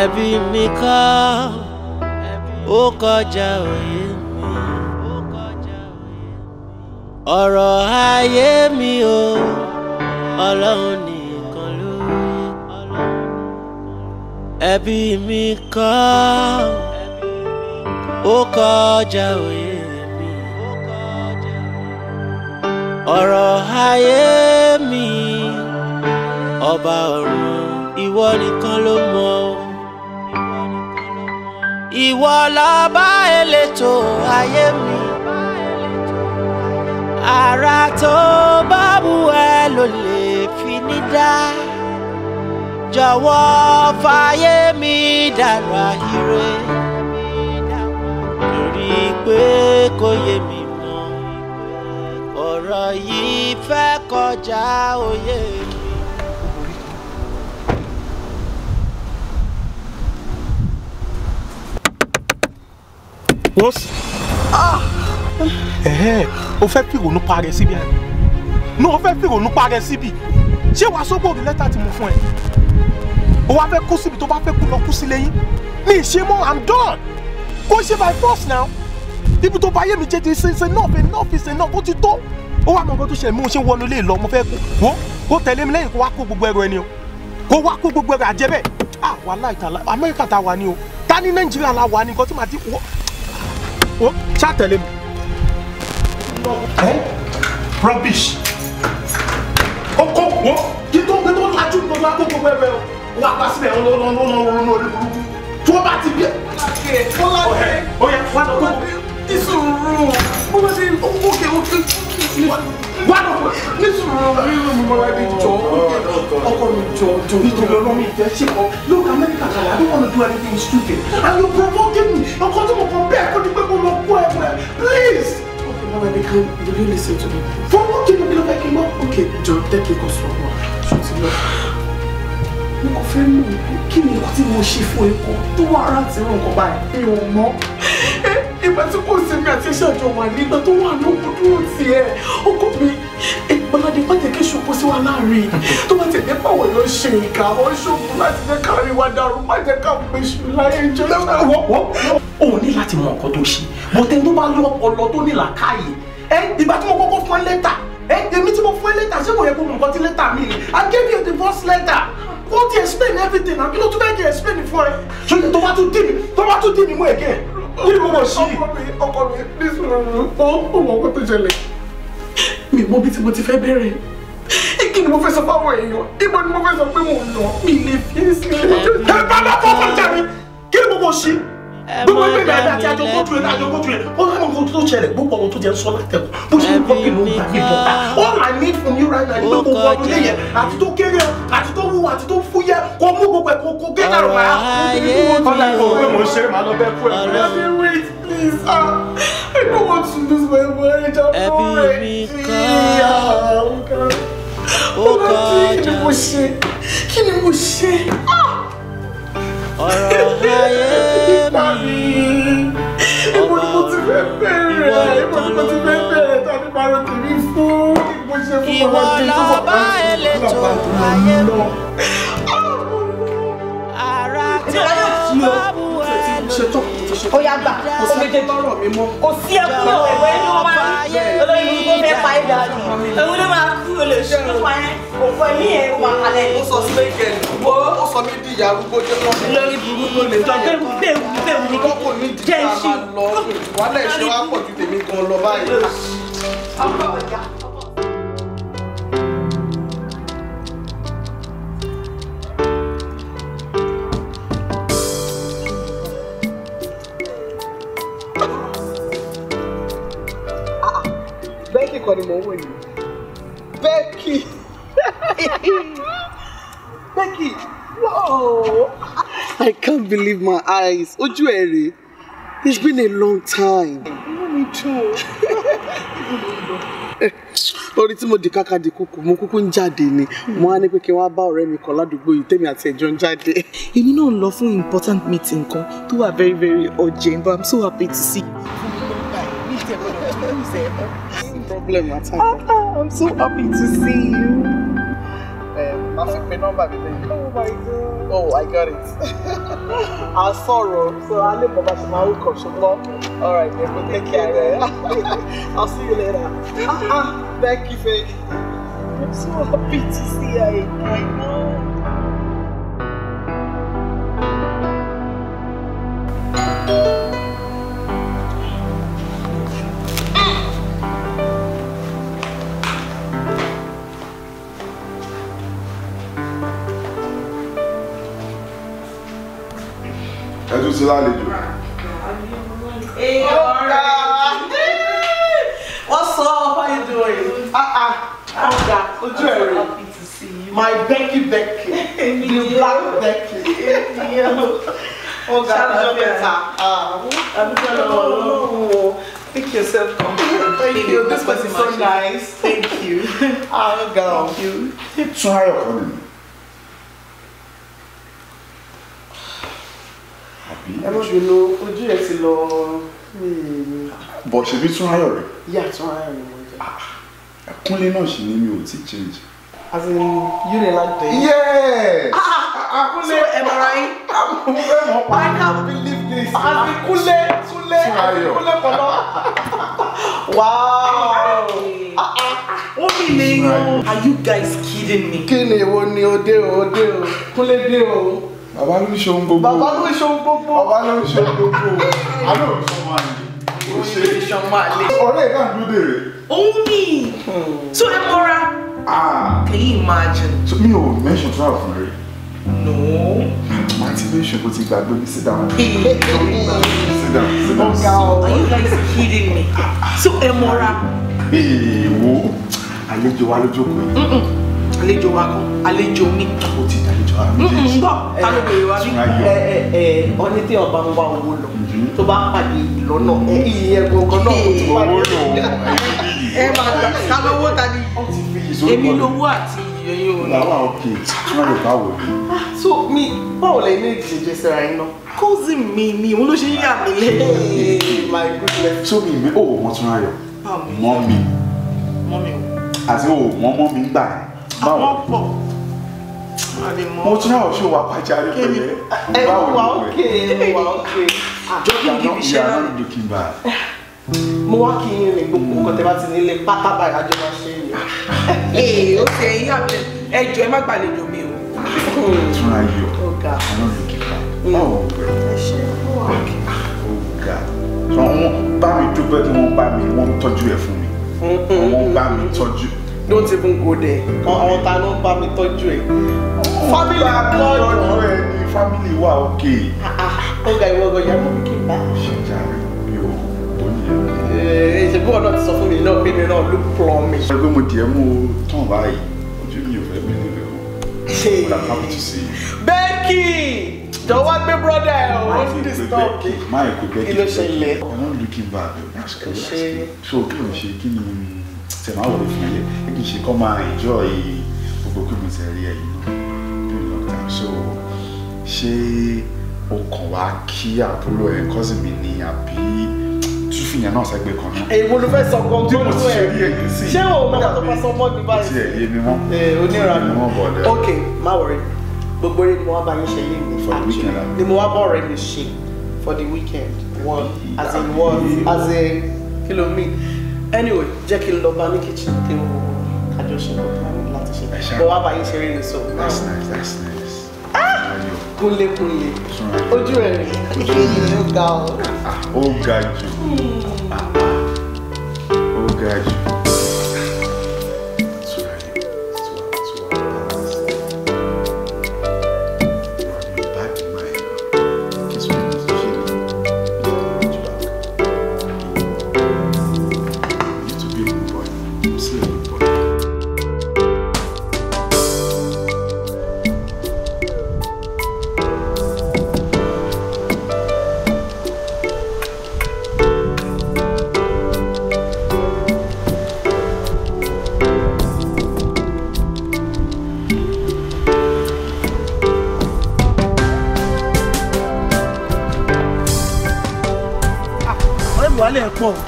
ẹbí mi kọ́ ó kọjá òye mi ọ̀rọ̀ ayé mi o ọlọ́run ni. ẹbí mi kọ́ ó kọjá òye mi ọ̀rọ̀ ayé mi ọba ọ̀run ìwọ nìkan ló mọ̀ ìwọ lọ́ba elétò ayé mi ara tó bá bu ẹ ló lè fi ní dá jọ̀wọ́ fàyè mi dára ire torí pé kò yé mi mọ́ ọ̀rọ̀ yìí fẹ́ kọjá òye Ah! Ẹ̀hẹ́, o fẹ́ fi ìrònú parẹ́ síbi àná. No, o fẹ́ fi ìrònú parẹ́ síbi. Ṣé wàá sọ́gbọ́n òbí lẹ́tà tí mo fún ẹ? ó wá fẹ́ kú síbi tó bá fẹ́ kú lọ kú sílé yín mi ṣe mọ́ i'm done kó ṣe by force now ibi tó bá yé mi jẹ́ ti ṣe ṣe náà fi náà fi ṣe náà ó ti tó ó wá mọ nǹkan tó ṣẹlẹ̀ mú un ṣe wọnú ilé lọ mo fẹ́ kú wo kó tẹ̀lé mi lẹ́yìn kó wá kó gbogbo ẹrù ẹni o kó wá kó gbogbo ẹrù àjẹ́ bẹ́ẹ̀ ah wàhálà ìtàlá amẹ́ríkà tá a wà ní o ta ní nàìjíríà la wà ní nǹkan tí màá ti wọ́ o ṣá tẹ̀lé mi. rubbish ó kó wọ́n kí tó kí tó lajú gbogbo akó gbogbo o wọ́n apá síbẹ̀ wọ́n lọ́n lọ́n lọ́n lórí burúkú tí wọ́n bá ti bí. ọ̀hẹ́ ọ̀hẹ́ wà lọ kókó. ní sùúrù bó bá ṣe ókè ókè wà lọ kókó ní sùúrù mi ò mọ ẹ bí jọ oh, ọkọ mi jọ jọ nítorí ọlọ́run mi ìfẹ́ ṣe kọ́ lóòkè amẹ́ríkà kàlà I don't wanna do anything stupid and you provoke me ọkọ tí mo kọ bẹ́ẹ̀ kó ní pé mo lọ kó ẹ pẹ́ please. okay mama dey calm will you listen to me. fọwọ́ kí ló kí ló fẹ́ kí Okay. mọ̀. okay jọ tẹ́kì kọ́ sọ̀rọ̀ ṣùgbọ́n ti lọ mo kàn fẹ́ mọ̀ pé kí ni nǹkan tí mo ṣe fún epo tó wà ara ti rún nǹkan báyìí mi ò mọ̀ ìgbà tí kò sí mi àti iṣẹ́ àjọ wà nígbà tó wà lóko dúró tiẹ̀ ọkọ mi ìgbàlódé bá tẹ̀kẹ́ ṣokó sí wa láàrin tó bá tẹ̀lé pàwọ̀ lọ ṣe ìka àwọn ṣokó láti jẹ́ káàrin wa dàrú má jẹ́ ká gbèsè láyé ìjọ náà. o ní láti mọ nǹkan tó ṣe bọ́tẹ́ tó bá lọ́pọlọ tó ní làákàyè ẹ ìgbà tí mo kọ́kọ́ fún ẹ lẹ́tà ẹ èmi tí mo fún ẹ lẹ́tà ṣé kò yẹ kó mọ nǹkan tí lẹ́tà mi ni I gave you a divorce letter wọ́n ti explain everything na kí ló tún fẹ́ kí explain fún ẹ ṣùgbọ́n tó bá tún dì mí tó bá tún dì mí mú ẹ̀ gẹ́ kí ni mo mọ̀ sí. ọkọ mi ọkọ mi please rọrùn ó ó mọ ọkọ tó ṣẹlẹ̀. mi mọ bí tí mo ti fẹ́ bẹ̀rẹ̀ kí ni mo fẹ́ sọ fáwọn èèyàn ibo ni mo fẹ́ sọ pé mo lọ mi lè fi sílẹ̀. ẹ bá bá fọ́ fọ́ mi kí ni mọ̀ sí gbogbo ẹgbẹ́ mi àti àjọ kótó yẹn àjọ kótó yẹn ó lọ́mọ tó ṣẹlẹ̀ gbogbo ọmọ tó jẹ́ sọ látẹ̀kọ̀ bó ṣe ń pọ́pì ló ń gbà mí bọ́ta ah, all I need from you right now ni pé ọdún lẹ́yìn àti tó kéré àti tó wúwo àti tó fúyẹ́ kò mú gbogbo ẹ̀ kò kò gé dàrú màá. ọ̀la ìwọ pé mò ṣe màá lọ bẹ́ẹ̀ kú ẹ̀ I don't want to lose my marriage. I'm already here. Oh God. Kí ni mo ṣe? Kí ni mo ṣe? Ah! ọ̀rọ̀ ayé mi ìbò ni mo ti fẹ́ bẹ̀rẹ̀ ìbò ni mo ti fẹ́ bẹ̀rẹ̀ tàbí parọ́ tèmi fún ìbò ṣe fún bàbá tí tó bọ̀ bá ti tó bàbá tó máa ń lọ. ara tí bá bu ẹ̀ ó yá gbà kò sí kò sí ẹkún yóò ẹ̀wẹ́ ní wọn máa ń olórí mi kó fẹ́ pa ìgbà jù òun ló máa kú olè ṣe ló pa yẹn òfò ẹ̀mí ẹ̀ wà kalẹ̀. ó sọ sí méjì ẹ̀ wo ó sọ mí di ìyá arúgbó jẹ́ kọ́ mi. lórí burúkú lè jọ bẹ́ẹ̀ wù bẹ́ẹ̀ wù bẹ́ẹ̀ wù ní kí jẹ́ ìṣí. wàhálà ìṣe wa pọ̀ ju tèmi gan lọ báyìí. kọ́ ni mò ń Becky Becky whoa I can't believe my eyes ojú it's been a long time. inú mi dùn o. orí tí mo di káka di kúkú mo kúkú ń jáde ni mo á ní pé kí n wá bá ọ̀rẹ́ mi kan ládùúgbò yìí tèmi àti ẹ̀jọ́ ń jáde. èmi náà ń lọ fún important meeting kan tó wà very very urgent but I'm so happy to see you problem at all. Ah, I'm so happy to see you. Um, I think my number is Oh my god. Oh, I got it. I sorrow, so I live Baba my Koshubo. Alright, then we'll take care then. I'll see you later. Ah, ah, thank you, Faye. I'm so happy to see you again. I know. thank you what's up how you doing? ah ah my Becky Becky the black Becky ọ̀gá ọjọ́ I'm ah. lọ́wọ́ lọ́wọ́. pick yourself up. Thank you. This was so nice. Thank you. Oh ah, God, Thank you. ẹ má bínú ojú ẹ ti lọ bọ̀ ṣe bí túnráyọ̀ rẹ̀. yà túnráyọ̀ ni mo jẹ. Ah, kúnlé náà ṣì ni mi ò tí change. as in you dey like them. yes. Ah, ah, kúnlé ẹ̀mọ̀ra i can't believe this. as in kúnlé kúnlé kúnlé kọ̀ọ̀nà. wow. ó mi ní are you guys kidding me. kí ni ìwọ ni o dé o dé o kúnlé dé o bàbá ló ń ṣe ohun gbogbo bàbá ló ń ṣe ohun gbogbo bàbá ló ń ṣe ohun gbogbo àlọ́ ṣe ìṣọ́mọ àlè. ọ̀rẹ́ ìgbà ló dèrè. òun ni tó ẹ mọ́ra. Ah. can you imagine. mi ò mention travel fún rẹ. no. motivation kò ti gbàgbé mi sit down. sit down sit down. ọ̀gá ọ̀ are you guys kidding me. tó ẹ mọ́ra. èèwọ̀ àlejò wa lójókòó yìí àlejò wa kan àlejò mi. o ti dàlejò ara mi. n bọ kálọ̀ bèrè wa rí ẹ ẹ ẹ ọní tí ọba ń wá owó lọ mm-hmm. tó bá pàdé lọ́nà ẹ iye ẹ̀gbọ́n kan náà kò ti pàdé. owó ẹ máa ta kálọ̀ owó ta ni èmi lówó àti yẹyin o. làwọn òkè tí wọn lè bá wò ni. Ah, so mi báwo lẹ ní ìdíje sẹ́ra yín náà mi ni òun ló ṣe ń yà mí lẹ́yìn so mi mi ò wọ́n tún ráyọ̀ mọ́ mi. mọ́ o. àti ò mi ń gbà yẹn báwo mo tún náà ṣe wà pàjáre pẹ̀lẹ́ báwo ni wọ́n ẹ wà ókè àjọ kí n kì í ṣe rárá mo wá kí n rìn gbogbo nǹkan tẹ bá ti nílé pátá báyìí àjọ máa ṣe é yìí. ó ṣe yín àbẹ ẹjọ ẹ má gbàlejò mi o. tún ayọ̀ ọ̀gá ọlọ́dúnkìlá mm. báwo bẹ̀rẹ̀ ọ̀gá tí wọ́n bá mi dúpẹ́ kí wọ́n bá mi wọ́n tọ́jú ẹ̀ fún mi mm-hmm. wọ́n bá mi tọ́jú don't even go there. àwọn ta ló ń bá mi tọ́jú ẹ̀. family blood ọ̀rọ̀ ẹ ni family wa òkè. ọgá ah, ah, ah. ìwọ ọgọ ìyá mi kì í bá. ṣèjà rẹ mi ò tó nìyẹn. Eh, ṣe bí wọn náà ti sọ fún mi náà pé mi náà ló pọ̀ mi. ṣé pé mo tiẹ̀ mú tán báyìí ojú mi ò fẹ́ mi nílé o. what i'm happy to see. Becky jọ̀wọ́ gbé brọ́dà ẹ̀ o ó ti disturb kí kí ló ṣẹlẹ̀. i'm not bad o that's good. so kí ló ń ṣe kí ni tẹ̀ máa wọlé fún yẹn ṣe kọ́ máa enjoy gbogbo kí mo ti rí ẹ yìí náà so ṣé o kàn wá kí àbúrò ẹ kọ́sì mi ni àbí tún fìyàn náà sẹ́gbẹ̀ẹ́ kan náà. èwo ló fẹ́ sọ gan tó ló ẹ̀ ṣé o mọ̀ tó bá sọ mọ́ ní báyìí. ti ẹ̀ yé mi mọ́. onírànú uh, ok má wọrí gbogbo eré ni mo wá bá yín ṣe yé mi actually ni mo wá bọ̀ rẹ̀ mi ṣe for the weekend one as in one as in kí ló mean anyway jẹ́ kí n lọ bá ní kitchen table àjọṣepọ̀ tó máa ní láti ṣe bọ́ wá báyìí ṣeré ní so. that's nice that's nice. Ah! kúnlé kúnlé ojú rẹ̀ rí ìkéyìí ló ga ọ. ó ga jù hmm. ó ga jù.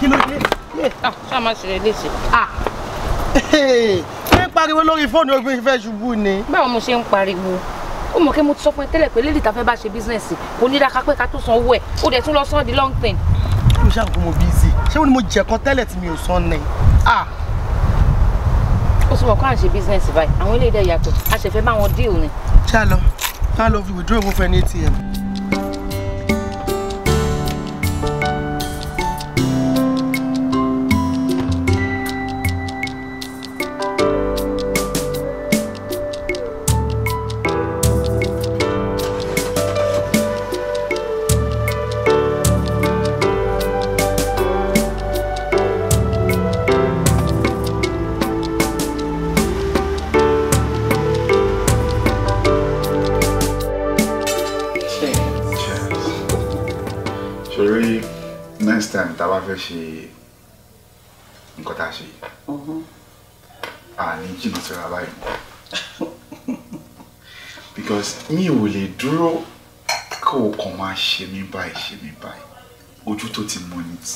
kí ló dé. Ah, ṣá máa ṣe léṣe. ṣé ń pariwo lórí fóònù ogun ìfẹ́ ṣubú ni. báwo mo ṣe ń pariwo ó mọ̀ kí mo ti sọ fún ẹ tẹ́lẹ̀ pé lẹ́lì tá fẹ́ bá ṣe bísínẹ́sì kò ní dáka pé ká tó san owó ẹ̀ ó dẹ̀ tún lọ sán di long ten. kí ló ṣàkóso mo bí zi ṣé wọn ni mo jẹ̀kan tẹ́lẹ̀ tí mi ò san ni. Ah. ó sọ wọn kó à ń ṣe bísínẹ́sì báyìí àwọn ilé ìdẹ yàtọ̀ a ṣẹ̀fẹ̀ bá wọn díìl ni. ṣá lọ ṣá lọ fi withdraw owó fún ẹ ní atm.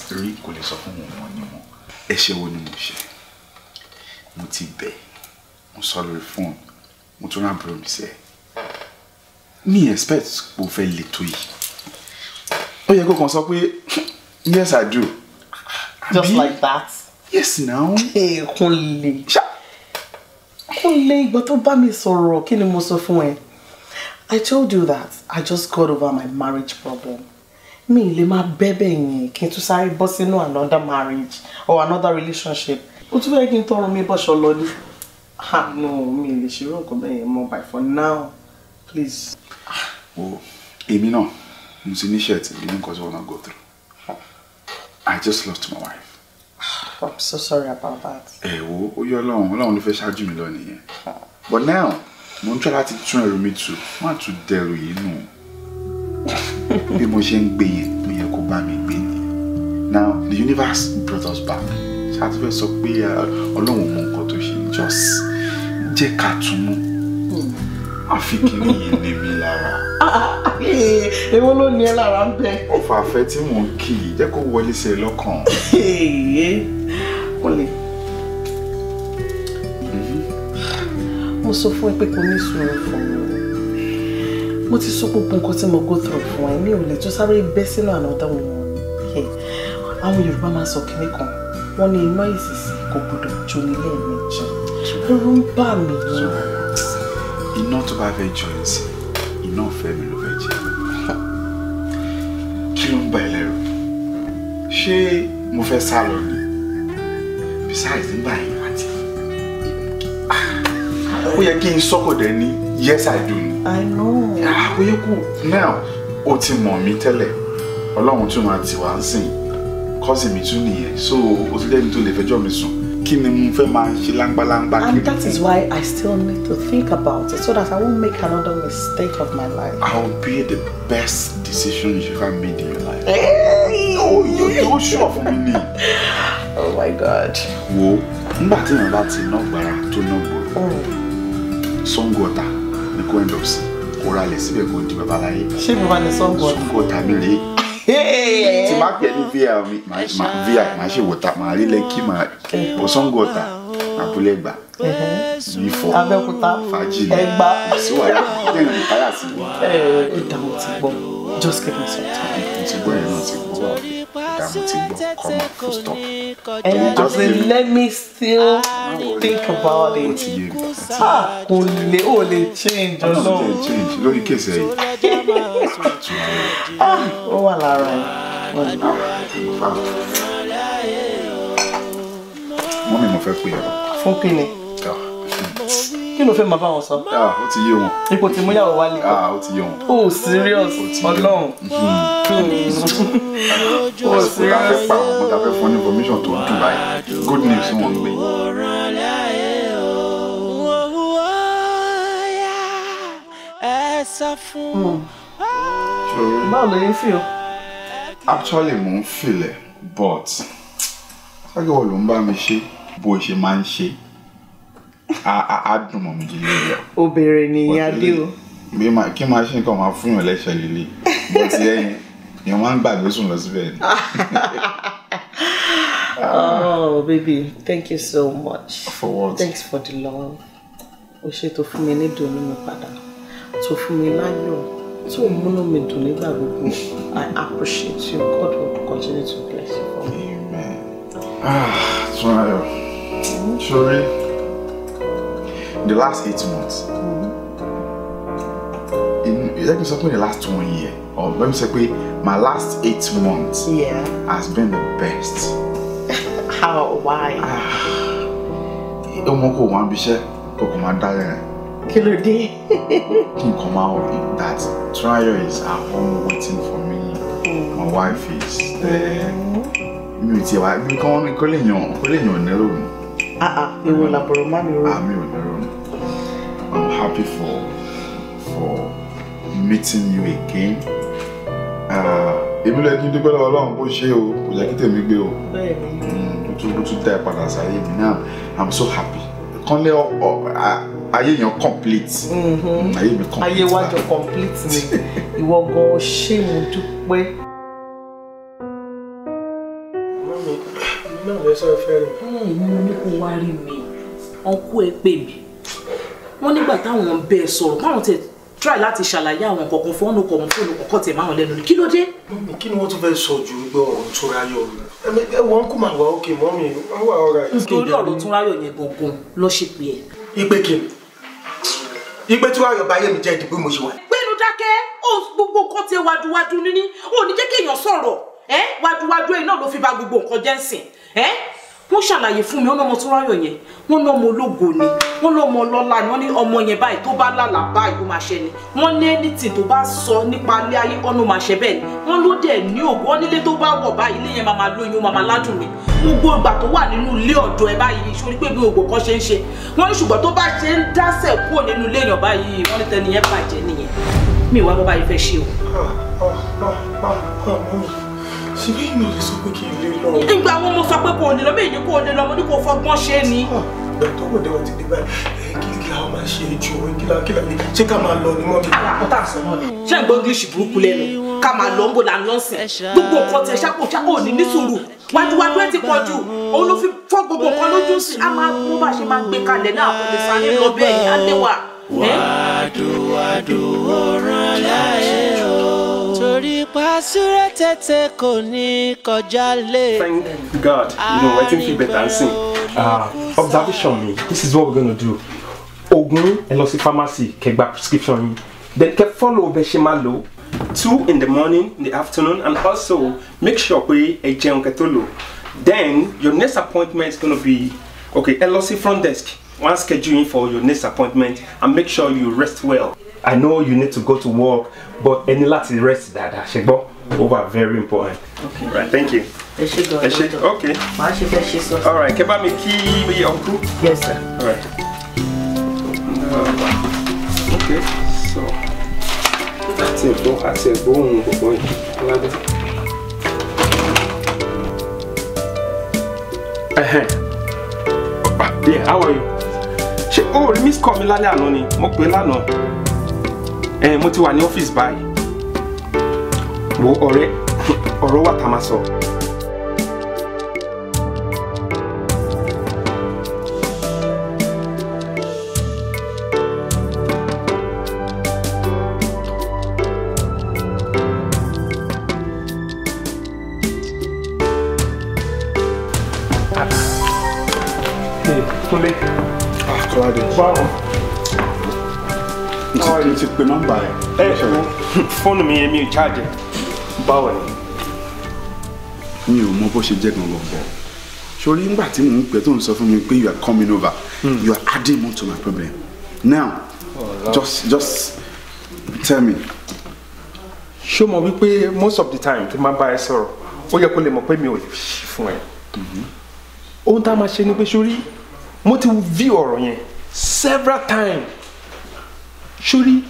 torí kò lè sọ fún òun wọn ni wọn ẹ̀ṣẹ̀ wo ni mo ṣe mo ti bẹ̀ mo sọ lórí fóònù mo tún rán àbúrò mi sẹ mi expect kò fẹ́ lè tó yìí ó yẹ kó kàn sọ pé hmm, yes i do. just like that. yes now. ẹ Kúnlé Kúnlé ìgbà tó bá mi sọ̀rọ̀ kí ni mo sọ fún ẹ i told you that i just got over my marriage problem mi lè máa bẹ́bẹ̀ yẹn kí n tún sáré bọ́ sínú another marriage or another relationship ó tún fẹ́ kí n tọrọ mi bọ́ṣọ lọ ní. ah no mi lè ṣerú nǹkan bẹ́ẹ̀ yẹn by for now please. wo èmi náà mo ti ní ṣẹ́ẹ̀tì bí nǹkan tí wọ́n náà go through i just lost my wife. i'm so sorry about that. ẹ wo ó yọ ọlọ́run ọlọ́run ló fẹ́ ṣáájú mi lọ nìyẹn but now mo ń tọ́ láti tún ẹrù mi tù má tún dẹrù yìí nù. No bí mo ṣe ń gbé yẹn mi yẹ kó bá mi gbé ni now the universe brought us back ṣáàtú fẹ́ sọ pé ọlọ́run mọ nǹkan tó ṣe just jẹ́ ká túnú àfi kìíní yìí lè mí lára. èwo ló ní ẹ lára ń bẹ. ọ̀fà àfẹ́ tí mò ń kì í jẹ́ kó wọlé sí ẹ lọ́kàn. kúnlẹ̀ mhm. mo sọ fún ẹ pé kò ní sùúrù fún mi mo ti sọ gbogbo nǹkan tí mo go through fún ẹ mi ò lè tún sáré bẹ́ sínú àná táwọn èèyàn àwọn Yorùbá máa sọ kinní kan wọ́n ní iná ìsìsì kò gbọdọ̀ jó ní lẹ́ẹ̀mejì ẹ̀rù ń bà mí. iná tó bá fẹ́ jọ ẹ̀sìn iná ọ̀fẹ́ mi ló fẹ́ jẹ kí ló ń bà ẹ́ lẹ́rù ṣé mo fẹ́ sá lọ ni besides nígbà yẹn àti ah, ó yẹ kí n sọ́kọ̀dẹ̀ ní yes I do I know. Ah, ó yẹ kó now ó ti mọ̀ mí tẹ́lẹ̀ ọlọ́run tún máa tì wá ń sìn kọ́sì mi tún nìyẹn so o ti lẹ́ni tó lè fẹjọ́ mi sùn kí ni mo fẹ́ máa ṣe láńgbáláńgbá kiri. and that is why I still need to think about it so that I won't make another mistake of my life. I will be the best decision you ever made in your life. o yóò yóò ṣùọ̀ fún mi ni. oh my god. wo nígbà tí èèyàn bá ti ná gbàrà tó ná gbòòrò oh. Sango Ọ̀tà ní coindops kó ra lẹ̀ síbẹ̀ kó di bàbá láyé. ṣé mi wá ní sọ́ńgọ̀ ni. sọ́ńgọ̀ tàbí rèé tí má pẹ̀ ní vi mi vi máa ṣe wọ̀ta máa rí lẹ́kì máa ọ̀sọ́ńgọ̀ ọ̀tà abúlé gbà ní fọ abẹ́òkúta ẹgbà ìṣúwàlẹ̀ ti gbọ́ just give me some time. And it doesn't let me still think about it Ah, only, only lè change ọlọ́run. ọlọ́run ti change lórí kéèsì ẹ̀yìn. ó wà lára ẹ̀ wọ́n ní. mọ́mí mo fẹ́ pè é. it kí ló fẹ́ máa bá wọn sọ. Ah, ó ti yé wọn. ipò tí múyàwó wá lè kọ. Ah, ó ti yé wọn. o oh, serious ọlọ́run. o oh, serious. mo ta fẹ́ pa mo ta fẹ́ fún information tó ń dùn báyìí good news wọn gbé. Hmm. báwo ló yẹ fi o. actually mo ń filẹ̀ but ṣáàgì wo ló ń bá mi ṣe bó ṣe máa ń ṣe adùn mọ̀ mi jí obìnrin nìyẹn adé o. bí ma kí máa ṣe nǹkan máa fún yàn lẹ́sẹ̀ líle bó ti ẹyin yàn máa ń gbàgbé sùn lọ síbẹ̀ ni. oh baby thank you so much. for what? thanks for the love. o ṣe tó fún mi ní ìdùnnú mi padà tó fún mi láyọ̀ tó múnú mi dùn nígbà gbogbo i appreciate you god will continue to bless you. amen. ah tún ayọ̀ sórí in the last eight months in, let me say pé the last one year or let me say pé my last eight months yeah. has been the best. how why. Ah, ọmọ kò wá bíṣẹ́ kò kò máa dá lẹ́rìn. kí ló that trial is at home waiting for me mm. my wife is there. You see, why? You mi kàn calling mi calling lè yàn ah ah you làbọ̀rọ̀ má ah, mi rò. Ah, me ní rò I'm happy for for meeting you again. Uh, èmi lè tún dúpẹ́ lọ́wọ́ Ọlọ́run bó ṣe o, kò jẹ́ kí tèmi gbé o. Baby, mm, Ó tún ó tún dá ẹ padà Now I'm so happy. Kánlé ayé yẹn complete. Mm-hmm. Ayé mi complete. Ayé wájọ complete ni. Ìwọ gan-an ṣé mo dúpẹ́. Mọ́mí, náà lè sọ ìfẹ́ rẹ̀. Bẹ́ẹ̀ni, mo ní kó wá rí mi. Ọkú ẹ pè mí wọ́n nígbà táwọn ń bẹ́ẹ̀ sọ̀rọ̀ báwọn tẹ̀ try láti ṣàlàyé àwọn kọ̀ọ̀kan fọ́nù kọ̀ọ̀kan fóònù kọ̀ọ̀kan tẹ̀ máa lẹ́nu kí ló dé. kí ni wọ́n tún fẹ́ sọ ju gbé ọ̀rọ̀ tó ráyọ̀ ẹ wọ́n kò máa wá òkè mọ́ mi wọ́n wà ọ̀rọ̀ yìí. nítorí ọ̀rọ̀ tó ráyọ̀ yẹn gangan lọ ṣe pé ẹ. ìpè kí ni ìpè tí ráyọ̀ báyé mi jẹ́ ìdìbò mo ṣe wà. gbẹ́nu dákẹ́ gbogbo nǹkan tẹ wàdùwàdù níní ò ní jẹ́ kéèyàn sọ̀rọ̀ ẹ wàdùwàdù ẹ̀ náà ló fi ba gbogbo nǹkan jẹ́ ń ẹ wọ́n ṣàlàyé fún mi wọ́n lọ́mọ tó ráyọ̀ yẹn wọ́n lọ́mọ ológo ni wọ́n lọ́mọ ọlọ́lá ni wọ́n ní ọmọ yẹn báyìí tó bá lálà báyìí ó máa ṣẹ ni wọ́n ní anything tó bá sọ nípa ilé ayé ọ̀nà máa ṣẹ bẹ́ẹ̀ ni wọ́n ló dẹ̀ ní òògùn wọ́n nílé tó bá wọ̀ báyìí ilé yẹn máa máa lóyún máa máa ládùn mi gbogbo ìgbà tó wà nínú ilé ọ̀dọ̀ ẹ báyìí sórí pé bí ògbò kan ṣe ń ṣe bí mi lè sọ pé kí n lọ. ìgbà wo mo sọ pé kò lè lọ bẹ́ẹ̀ kò lè lọ ní kò fọgbọ́n ṣe ni. Ah, tọ́wọ́ dẹ́wọ̀ ti dé báyìí kí kí la máa ṣe ju òun kí la kí la lè ṣé ká máa lọ ni wọ́n ti. àwọn tá sọ náà ni. ṣé ìgbọ́ english burúkú lẹ́nu ká máa lọ ń bò láńlọ́ gbogbo nǹkan tẹ̀ ṣáko ṣáko ò ní ní sùúrù wájúwájú ẹ̀ ti pọ̀ jù òun ló fi fọ́ gbogbo nǹkan lójú sí i a máa mú bá a ṣe máa gbé kalẹ̀ náà kò lè sáré lọ bẹ́ẹ̀ yá lé wa. wàá dùn wàá dùn ó wàásùrẹ́ tètè kò ní kọjá lé. Thank God you know wetin fit better than sin. Uh, observation mi this is what we gonna do oògùn ẹ lọ sí pharmacy kẹ́ gba prescription yín then kẹ́ follow bẹ ṣe máa lò two in the morning in the afternoon and also make sure pé ẹ jẹun kẹ́ tó lò then your next appointment is gonna be okay ẹ lọ sí front desk wan schedule you for your next appointment and make sure you rest well. I know you need to go to work but any láti rest that I should go over very important. Okay. Right, thank you. I should go. I should. okay. I should fẹ́ ṣe sọ. All right, kẹ́ me mi kí ọkú. Yes sir. All right. Uh, okay, so àti ẹ̀gbọ́n àti ẹ̀gbọ́n òun gbogbo yìí ládé. Yeah. how are you? Ṣé o oh, miss call mi lálẹ́ àná ni? Mo pè é Eh, mo ti wà ní ọ́fíìsì báyìí wo ọ̀rẹ́ ọ̀rọ̀ wà tá máa sọ. ti pe nọ́mbà ẹ. ẹ fóònù mi yẹn mi ò jáde báwo ni. mi ò mọ bó ṣe jẹ́ gan-an lọ́pọ̀ sori ngbà tí mò ń pẹ́ tó ń sọ fún mi pé you are coming over mm. you are adding more to my problem now oh, just just tell me. ṣó mọ̀ wípé most of the time tó máa bá ẹ sọ̀rọ̀ ó yẹ kó lè mọ̀ pé mi ò ṣí fún ẹ mm-hmm. ohun tá a máa ṣe ni pé sori mo ti view ọ̀rọ̀ yẹn several times sórí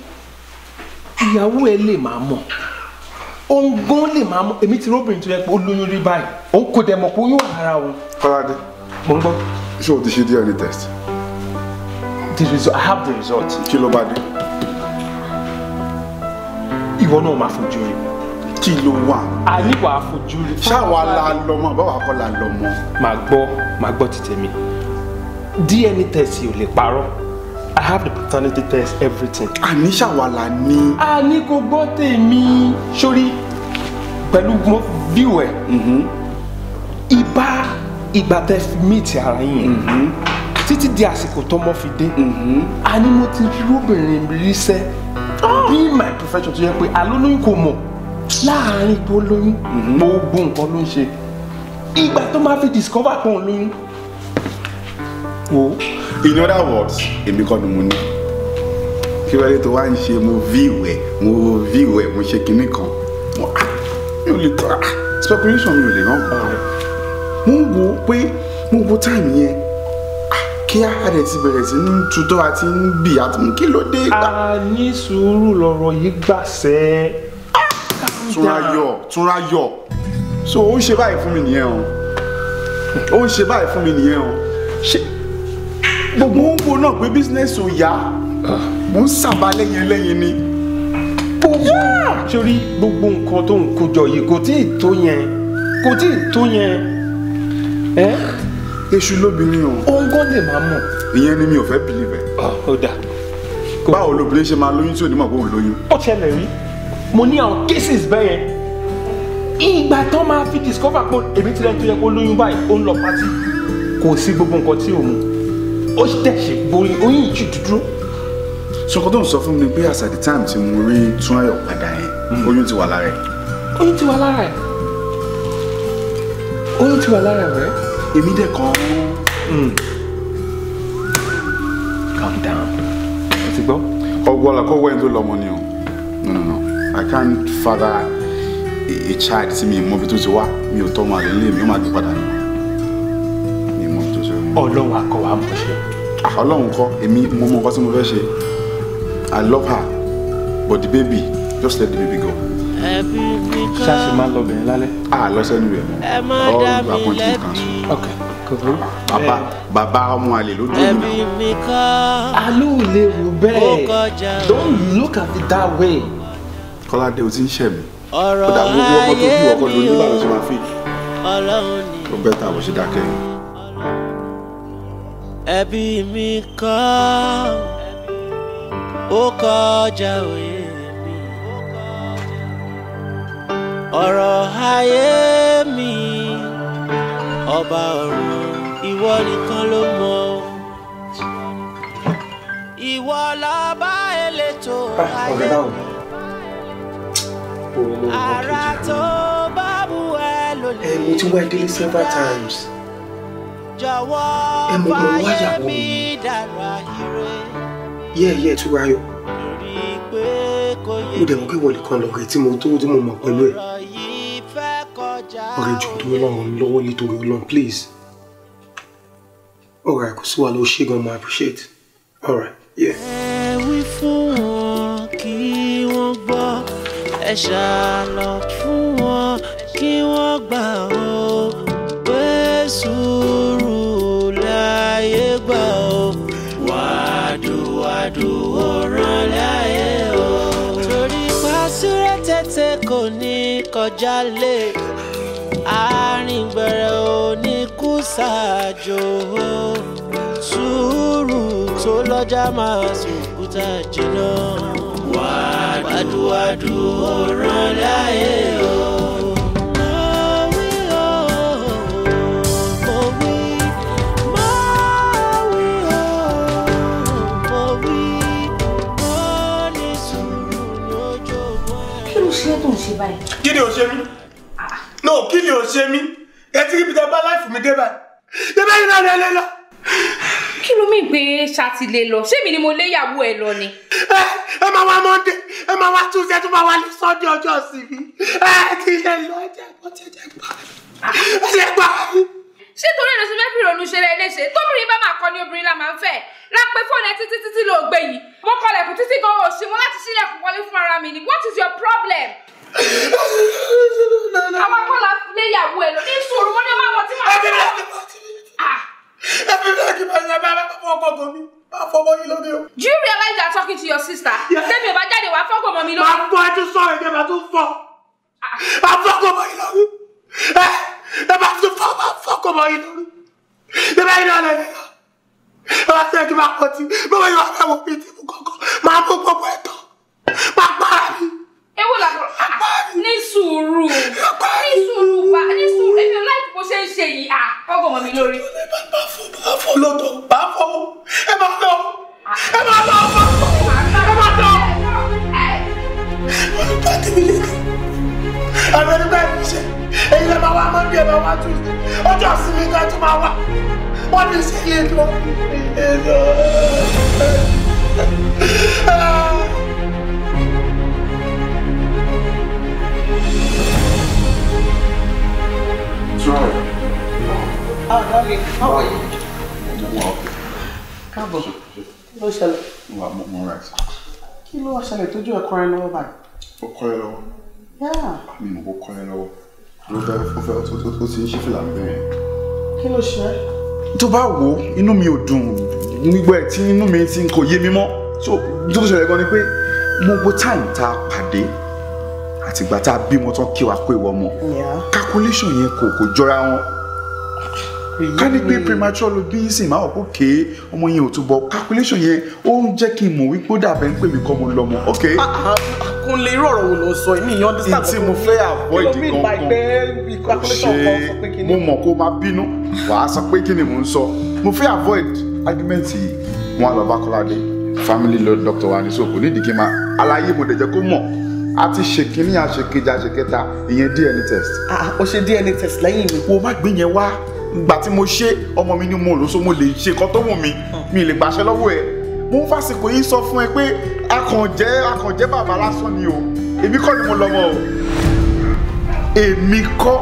ìyàwó ẹ lè máa mọ̀ òun gan lè máa mọ̀ èmi ti róbìnrin tó yẹ pé ó lóyún rí báyìí òun kò dẹ̀ mọ̀ pé ó yún ara òun. kọ́ládé mo ń gbọ́. ṣé o ti ṣe DNA test. the result i have the result. kí ló bá dé. ìwọ náà máa fojú rí. kí ló wà. a ní wàá fojú rí. ṣáwa la lọmọ báwa kọ́ la lọmọ. màá gbọ́ màá gbọ́ ti tèmi DNA test yìí ò lè parọ́ I have the paternity test, everything. Àní ṣàwàlà ni. Àní kò gbọ́ tèmi. Sori pẹ̀lú mo view ẹ̀. Ìbá mm-hmm. ìgbà tẹ meet ara yín yẹn. Mm-hmm. Títí di àsìkò tọmọ fi dé. Àní mm-hmm. mo ti rúbìnrin rí sẹ́. Ah! Be my profession tó yẹ pé alóyún kò mọ̀ láàárín tó lóyún. Gbogbo nǹkan ló ń ṣe. Ìgbà tó máa fi discover pé òun wo in other words èmi kọ́ ni mo ní kí wọ́n lè tó wá ń ṣe mo view ẹ̀ mo view ẹ̀ mo ṣe kinní kan mo ah mi ò lè tọ́ ah speculation mi ò lè rán kan rẹ̀ mo ń wo pé mo wo time yẹn ah, kí ara rẹ̀ ti bẹ̀rẹ̀ sí ní tutọ́ àti ń bì àti mú kí ló dé gbà. a ní sùúrù lọ̀rọ̀ yìí gbàṣẹ́. túnra yọ túnra yọ so ó ń ṣe báyìí fún mi nìyẹn o ó ń ṣe báyìí fún mi nìyẹn o gbogbo ń wo náà pé bísínẹ́sì ò yá ah. mò ń sàbà lẹ́yìn lẹ́yìn ni gbogbo sórí gbogbo nǹkan tó ń kójọ yìí kò tí ì tó yẹn kò tí ì tó yẹn ẹ èṣù lóbìnrin o òun gan lè máa mọ̀. ìyẹn ni mi ò fẹ́ bìlíbẹ̀. Ah, ó dà. báwo lobìnrin ṣe máa lóyún tí ò ní mọ̀ pé òun lóyún. ó ṣẹlẹ̀ rí mo ní àwọn cases bẹ́ẹ̀ yẹn ìgbà tán máa fi discover pé èmi ti lẹ́nu tó yẹ kó lóyún báyìí ó ń lọ pátì kò sí gbogbo nǹkan tí ò mú ó tẹ̀sí borí oyin yìí dúdú. sọkọ tó ń sọ fún mi pé as at the time tí mo rí Túnráyọ̀ padà yẹn hmm. oyún ti wà lára ẹ̀. oyún ti wà lára ẹ̀ oyún ti wà lára rẹ̀. èmi dẹ̀ kàn án. Hmm. calm down. o ti gbọ́. ọgbọ́n la kó wẹ́n tó lọ́mọ ni o no no no I can't father a child tí mi mọ bí tó ti wá mi ò tọ́ ọmọ àlè lé mi ó máa gbé padà ni ọlọ́run àkọ́ mọ̀ ṣe. ọlọ́run kọ́ èmi mo mọ nǹkan tí mo fẹ́ ṣe i love her but the baby just let the baby go. ṣáṣe máa ń lọ bẹ̀rẹ̀ lálẹ́. a lọ sẹ́nu rẹ̀ all appointment cancel. ok kòkó. bàbá bàbá ọmọ àlè ló dúró mi náà. aló lè rò bẹ́ẹ̀ don't look at it that way. kọ́ládé o ti ń ṣẹ̀ mí. ọ̀rọ̀ ayé mi ò ọlọ́run ni. ó bẹ́ẹ̀ dákẹ́ yìí ẹbí mi kọ́ ó kọjá òye mi ọ̀rọ̀ ayé mi ọba ọ̀run ìwọ nìkan ló mọ̀ ìwọ lọ́ba elétò ayé mi ara tó bá bu ẹ lólè. ẹ mo ti wá délé several times jọ̀wọ́ fàyè mi dára ire. yẹ́ẹ̀yẹ́ Túnráyọ̀ mo dẹ̀ mọ̀ pé wọlé kan lọ́rẹ́ tí mo tó tí mo mọ̀ pẹ̀lú ẹ̀ ọ̀rẹ́ jù tó lọ́rùn lọ́wọ́ nítorí Ọlọ́run please alright kò sí wa ló ṣe gan mo appreciate alright yeah. ẹ fún wọn kí wọ́n gbọ́ ẹ ṣàlọ fún wọn kí wọ́n gbà ó pé sùúrù. jálè arìngbẹ̀rẹ̀ oníkùsàjò sùúrù tó lọ́jà máa sòkúta jìnnà wàdùwàdù ọ̀ràn láyé o. ṣe báyìí. kí ni o ṣe mí no kí ni o ṣe mí etí ibi tẹ bá láìfù mi dé báyìí débẹ yìí náà lẹ lọ. kí ló mì pé ṣàtìlẹ lọ ṣé mi ni mo léyàwó ẹ lọ ni. ẹ ẹ máa wá mọ́ndé ẹ máa wá túnṣe tó máa wá ní sọ́ndé ọjọ́ ìsinmi ẹ ti lè lọ ẹ jẹ́ gbọ́ ẹ jẹ́ gbọ́ ẹ jẹ́ gbọ́ ṣé torí ẹ̀rọ sí fẹ́ fi ìrònú ṣe léṣe tóbìnrin bá máa kọ ní obìnrin la máa ń fẹ́ lápẹ́ fóònù ẹ títí títí ló yìí mo kọlẹ̀kùn títí gan-an òṣì wọn láti ṣílẹ̀kùn wọlé fún ara mi ni what is your problem àwọn akọ́là fúnlé ìyàwó ẹ̀ lọ ní sòrò wọn ní ọmọ àwọn tí màá fẹ́. ẹbí mi kì í bá yàrá ah. bá fọ ọkọ tó mi bá fọwọ́ yín lóde o. do you realize you are talking to your sister. tẹ́mi ò bá jáde wàá fọ́gọ̀ mọ́ mi lọ. màá fọ ẹtú sọ èdè màá tún fọ ah. màá fọ́gọ̀ mọ́ yín lórí ẹ ẹ màá tún fọ màá fọ́gọ̀ you yín lórí ẹ bá yín lọ́ọ́ lẹ́yìn lọ ẹ bá tẹ́ kí n máa pọ̀ tí bọ́wọ́ yóò wá fẹ́ wọ ewo làbọ̀ ah, ní sùúrù ní sùúrù bá ní sùúrù èmi ò láìpẹ́ bó ṣe ń ṣe yìí à ah, ọgọ́ mọ̀ mi lórí. bá fọ lọ́dọ̀ bá fọ ẹ máa lọ ẹ máa lọ bá fọ ẹ máa lọ. wọ́n bá tèmi lédè àwọn ẹni bá mi ṣe èyí lè máa wá mọ́ndé máa wá tún ọjọ́ ìsinmi ká tún máa wá wọ́n ní sí ilé tó strong. Oh, darling, how are you? Káàbọ̀, kí ló ṣẹlẹ̀? Wà mo mọ right. Kí ló wá ṣẹlẹ̀ tójú ẹ̀ kọrin lọ́wọ́ báyìí? Ó kọrin lọ́wọ́. Àmì ìmọ̀ kó kọrin lọ́wọ́. Ló bẹ́ ó fẹ́ ó ti ń ṣí fìlà bẹ́ẹ̀. Kí ló ṣe é? Tó bá wò ó, inú mi ò dùn nígbà ẹ̀ tí inú mi ti ń kò yé mi mọ́. Tó tó ṣẹlẹ̀ gan ni pé mo gbọ́ táìmù tá a pàdé àtìgbà tá a bímọ tán kí wa kó ìwọ ọmọ calculation yẹn kò kò jọra wọn ká ní pé premature ló bí sì máa wọ̀pọ̀ ké ọmọ yẹn ò túbọ̀ calculation yẹn ó ń jẹ́ kí n mọ̀ wípé ó dàbẹ̀ ń pè mí kọ́ mo lọ́mọ ok. kún lè rọrọ wo ló sọ èmi ìyọ́n dísà kókó tí mo fẹ́ avoid gangan ṣe mo mọ̀ kó máa bínú wàá sọ pé kí ni mò ń sọ mo fẹ́ avoid argument yìí wọn á lọ bá Kọ́ládé family law doctor wa ní so kò nídìí kí n máa aláyé mo dẹ̀ jẹ́ kó mọ̀ a ti ṣèkíní àṣèkejì àṣèkẹta ìyẹn DNA test. Ah, ah, ó ṣe DNA test lẹ́yìn mi. wo má gbé yẹn wá gbà tí mo ṣe ọmọ mi ni mo lò so mo lè ṣe nǹkan tó wù mí mi lè gbàṣẹ lọ́wọ́ ẹ̀ mo ń fàsìkò yìí sọ fún ẹ pé akànjẹ́ akànjẹ́ bàbá lásán ni o èmi kọ́ ni mo lọ́mọ o èmi kọ́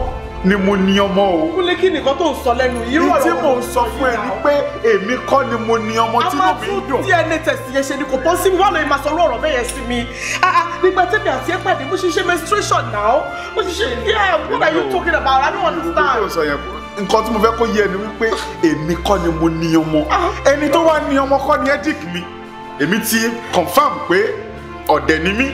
ni mo ní ọmọ o. kúnlé kí nìkan tó ń sọ lẹ́nu irú ọ̀rọ̀ tí mò ń sọ fún ẹ ni pé èmi kọ́ ni mo ní ọmọ tí mo fi ń dùn. a máa tún DNA test yẹn ṣe ni kò pọ́n sí mi wà lóye máa sọ ọ̀rọ̀ ọ̀rọ̀ bẹ́ẹ̀ yẹn sí mi. Ah, ah, nígbà tẹ́mi àti ẹ pàdé mo ṣe ṣe menstruation now mo ṣe ṣe yeah what are you talking about I don't understand. nǹkan tí mo fẹ́ kó yé ni wípé èmi kọ́ ni mo ní ọmọ ah. ẹni tó wá ní ọmọ kọ́ ni ẹ́dík mi èmi ti confam pé ọ̀dẹ̀ ni mí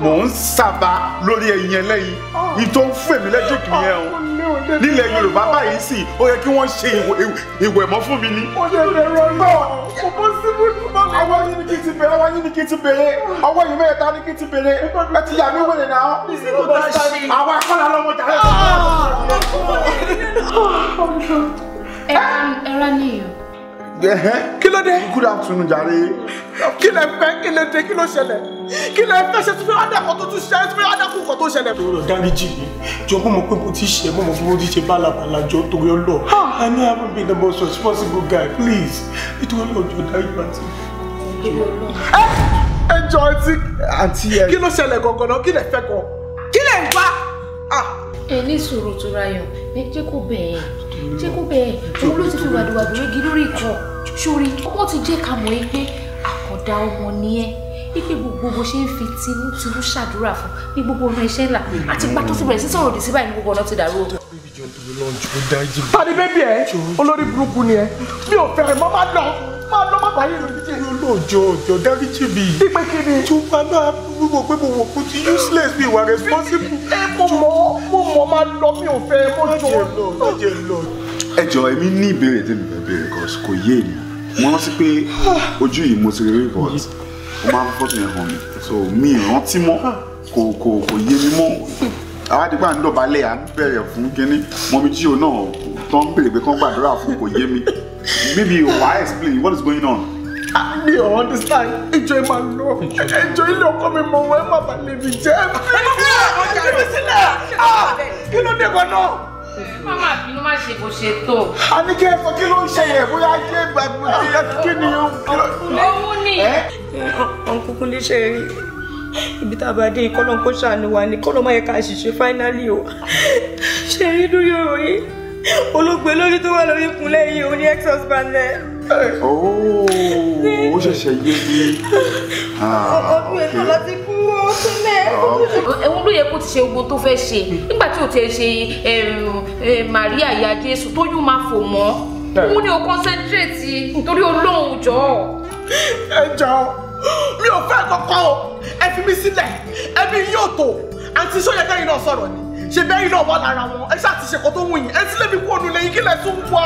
mò ń sábà lórí ẹyin ẹlẹ́yin yìí tó ń fún èmi lẹ́jọ́kì yẹn o nílẹ̀ yorùbá báyìí sì ó yẹ kí wọ́n ṣe ìwẹ̀mọ́ fún mi ni. ó lè lè rọ náà kò bó síbú nípa mi. ọwọ́ yín ni kí n ti bèrè ọwọ́ yín ni kí n ti bèrè ọwọ́ yìí mẹ́ta ni kí n ti bèrè ẹ ti yà mí wèrè náà. àwa kọ́lá lọ́mọ jà lẹ́sẹ̀. ẹran ni yìí. kí ló dé. good afternoon jàre. kí lẹ fẹ́ kí ló dé kí ló ṣẹlẹ̀ kí lẹ fẹ́ ṣe tún fẹ́ ádàkọ tó tún ṣe fẹ́ ádàkọ kan tó ṣẹlẹ̀. jọ̀wọ́ dáríjì mi jọ mo mọ̀ pé mo ti ṣe mo mọ̀ pé mo ti ṣe bálabàla jọ torí ọlọ I know I haven't been the most responsible guy please nítorí ọjọ́ dájú àti. ẹ jọ àǹtí àǹtí ẹ. kí ló ṣẹlẹ̀ gangan náà kí lẹ fẹ́ gan kí lẹ ń gbá. Ah! ẹ ní sùúrù tó rayọ ẹ jẹ́ kó bẹ̀ẹ́ jẹ́ kó bẹ̀ẹ́ òun ló ti fi wàdùwàdù rẹ́gi lórí ìkọ̀ sórí wọ́n ti jẹ́ ká mọ̀ ẹ́ pé àkọ́dá wípé gbogbo bó ṣe ń fi tinútinú ṣàdúrà fún bí gbogbo ọ̀nà iṣẹ́ ńlá àti gbà tó ti bẹ̀rẹ̀ sí sọ̀rọ̀ òdì sí báyìí ní gbogbo ọ̀nà ti dàrú tani bébí ẹ olórí burúkú ni ẹ mi ò fẹ́rẹ̀ mọ́ máa lọ máa lọ má báyìí lórí jẹ́. olóòjọ òjò dáríjì mi. dípẹ́ kí ni. jùmọ̀ náà wíwo pé mo wò kó ti useless mi wà responsible. mo mọ mo mọ máa lọ mi ò fẹ́ mọ́ jọ. ẹ jọ èmi ní ìbéèrè tẹ́lẹ̀ bẹ̀rẹ̀ kò yé mi wọ́n rántí pé ojú yìí ti rí report ó máa ń fọ́tò yẹn hàn mí so mi ìrántí mọ́ kò kò kò yé mi mọ́ àwádìgbà ń dọ̀bálẹ̀ à ń bẹ̀rẹ̀ fún kínní mọ́mí jíò náà tó ń bèrè pé kán gbàdúrà fún kò yé mi maybe you wá explain what is going on. mi ò understand ìjọ ẹ máa lọ ìjọ ilé ọkọ mi mọ wọn ẹ má bàa lè fi jẹ. ẹ má bàa lè fi jẹ sílẹ̀ kí ló dé kan náà. Mama bínú má ṣe bó ṣe tó. A ní kí ẹ sọ kí ló ń ṣe yẹ bóyá kí ẹ gbàgbọ́ kí ni o. Òun ni ọ̀nkú kúnlé ṣe rí ibi tá a bá dé ìkọ́nà kó ṣàánú wa ni kọ́nà má yẹ ká ṣìṣe fáínálì o ṣe rí lórí ọ̀rọ̀ yìí olóògbé lórí tó wà lórí ìkúnlẹ̀ yìí ò ní ex husband ẹ̀. Oh, ó ṣẹ̀ṣẹ̀ yé mi. Ah, ọdún ètò láti kú ọkùnlẹ̀. ẹ̀wọ̀n ló yẹ kó ti ṣe gbogbo tó fẹ́ ṣe nígbà tí ò ti ṣe Maria ìyá Jésù tó yún máa fò mọ́ òun ni ò concentrate nítorí Ọlọ́run jọ. ẹ jọ. mi ò fẹ́ kankan o ẹ fi mi sílẹ̀ ẹbí yóò tó àǹtí sọ́yẹ́ kẹ́yìn náà sọ̀rọ̀ ni ṣe bẹ́ẹ̀ náà wà lára wọn ẹ ṣáà ti ṣe kó tó wù yín ẹ sílé mi kú ònú lẹ́yìn kí lẹ tún wá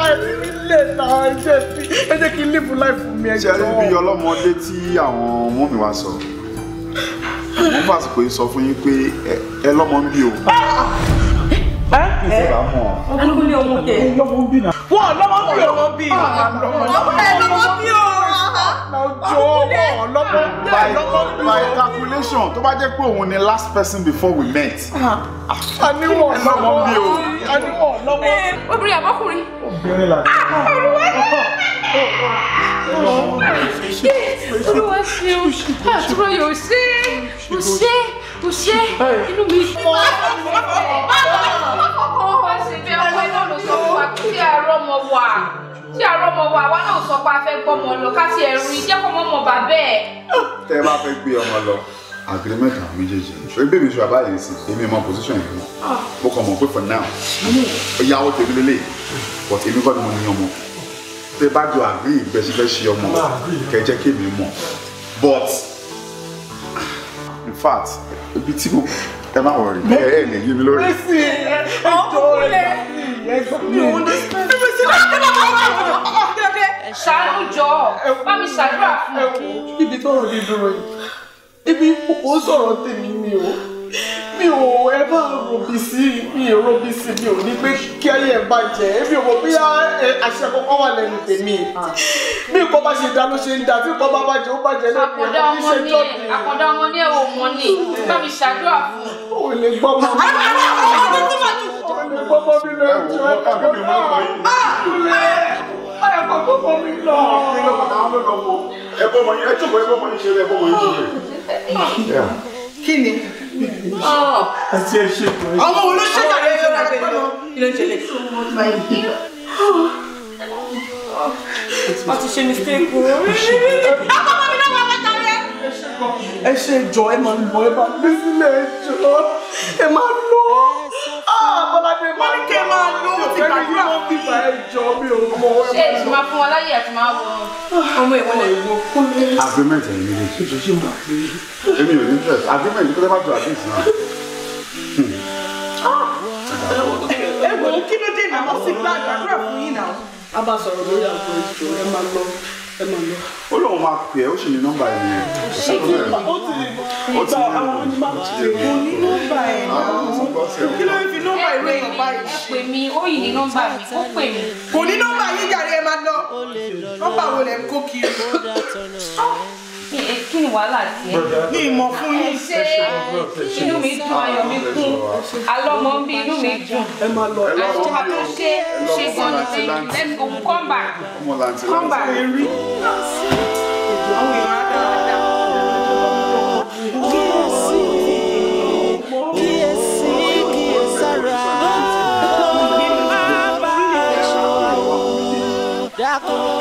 ilé náà ẹ jẹ́ kí ẹ jẹ́ kí live life mi ẹ jọ. ṣe rí ọlọ́mọdé tí àwọn ọmọ mi wá sọ wọ́n bá sọ sọ fún yín pé ẹ lọ́mọ ń bí o. Ah! ọkùnrin ọmọ kẹ. wọ́n lọ́mọ bí ọmọ bí. ọmọ ẹ lọ́mọ bí o ojú ọmọ lọ́mọ by calculation tó bá jẹ́ pé òun ni last person before we met. Ah, ah, àníwọ̀ lọ́mọ mi o àníwọ̀ lọ́mọ. Eh, obìnrin àbọ́kùnrin. obìnrin là ń bá. olùwà ṣe ah, olùwà ṣe àtúrọ̀ yóò ṣe ó ṣe ó ṣe inú mi. rọ́mọ wa àwa náà sọ pé a fẹ́ gbọ́mọ lọ ká ti ẹ̀rù ìjẹ́kọ̀ọ́ mọ́mọ bàbá ẹ̀. tẹ ẹ bá fẹ́ gbé ọmọ lọ agreement àwọn méjèèjì ṣe é bèmí ṣùgbọ́n báyìí sí èmi mọ position yìí mọ mo kàn mọ̀ pé for now ó yáwó tèmi lélẹ̀ but èmi kọ́ ni mo ní ọmọ tẹ bá jọ àgbé ìgbẹ́sígbẹ́sí ọmọ kẹjẹ kémi mọ̀ but in fact ibi tí mo ẹ má wọrí ẹ ẹ lè yí mi lórí. ẹ sì ẹ jọ rẹ mi ò ní. bí mo ṣe máa ń tẹ́lẹ̀ máa ń bá àwọn ọmọ kí ló dé. ṣàánú jọ bá mi ṣàdúrà fún mi. ibi tọrọ dídúró yìí ibi kò sọ̀rọ̀ tèmi mi o mi ò ẹ bá ròbí sí mi ò ròbí sí mi ò ní pé kí ayé ẹ bàjẹ́ èmi ò mọ̀ bí àṣẹ kọ́kọ́ wà lẹ́nu tèmi ah. bí nǹkan bá ṣe dá ló ṣe ń dá tí nǹkan bá bàjẹ́ ó bàjẹ́ lẹ́kọ̀ọ́ àkọ́dá ọmọ ní ẹ àkọ́dá ọmọ ní ẹ ò mọ ní bá mi ṣàdúrà fún un. ò lè gbọ́ mọ́ mi ò lè gbọ́ mọ́ mi lọ ẹ̀jọ̀ ẹ̀jọ̀ Ayọ̀ kò kó fún mi lọ. Ẹ̀bọ̀n mọ̀ yín, ẹ jókòó ẹ̀bọ̀n mọ̀ yín ṣe rẹ̀ ẹ̀bọ̀n mọ̀ yín ṣe rẹ̀. Ah kí ni. Ah. àti ẹ ṣe pọ̀ ẹ́. ọmọ wo ló ṣe jàre ẹjọ́ náà pẹ̀lú kí ló ń ṣẹlẹ̀. wọ́n ti ṣe mistake o. àkọ́kọ́ mi náà wà wá jàre. ẹ ṣe jọ ẹ máa lọ ẹ bá gbé sílẹ̀ ẹ jọ ẹ máa Bọ́ládé máa ń kẹ́ máa lọ ti gbàdúrà fún mi. Ẹjọ́ mi ò mọ ẹ. Ṣé èsì máa fún wa láyé àti máa wọ ọmọ ìwọlẹ̀ ìwọ? Agreement ẹ̀yìn rẹ̀ ṣe ṣe ṣe máa fi. Èmi ò ní fẹ́ agreement kí ló bá tó àdéhùn náà. Ẹ ah! eh, eh, wò ó kí ló dé ìnáwó sí gbàdúrà fún sọ̀rọ̀ lórí àgbo ìṣòro ẹ máa lọ ẹ máa lọ. ó lóun máa pè ẹ́ ó sì ní nọ́mbà ẹ̀ nìyẹn. ó sì ní ó ti ìgbà àwọn ọmọ ní nọ́mbà ẹ̀ náà kí ló ń fi nọ́mbà ìwé yìí bá yìí. ẹ pè mí ó yìí ní nọ́mbà mi ó pè mí. kò ní nọ́mbà yín jàre ẹ máa lọ nọ́mbà wo lẹ ń kó kiri kí ni wàhálà tí ní ìmọ̀ fún yín ṣe inú mi dùn ayọ̀ mi kún alọ́mọ bí inú mi dùn àtúnṣe ṣe something let's go come back come oh, àwọn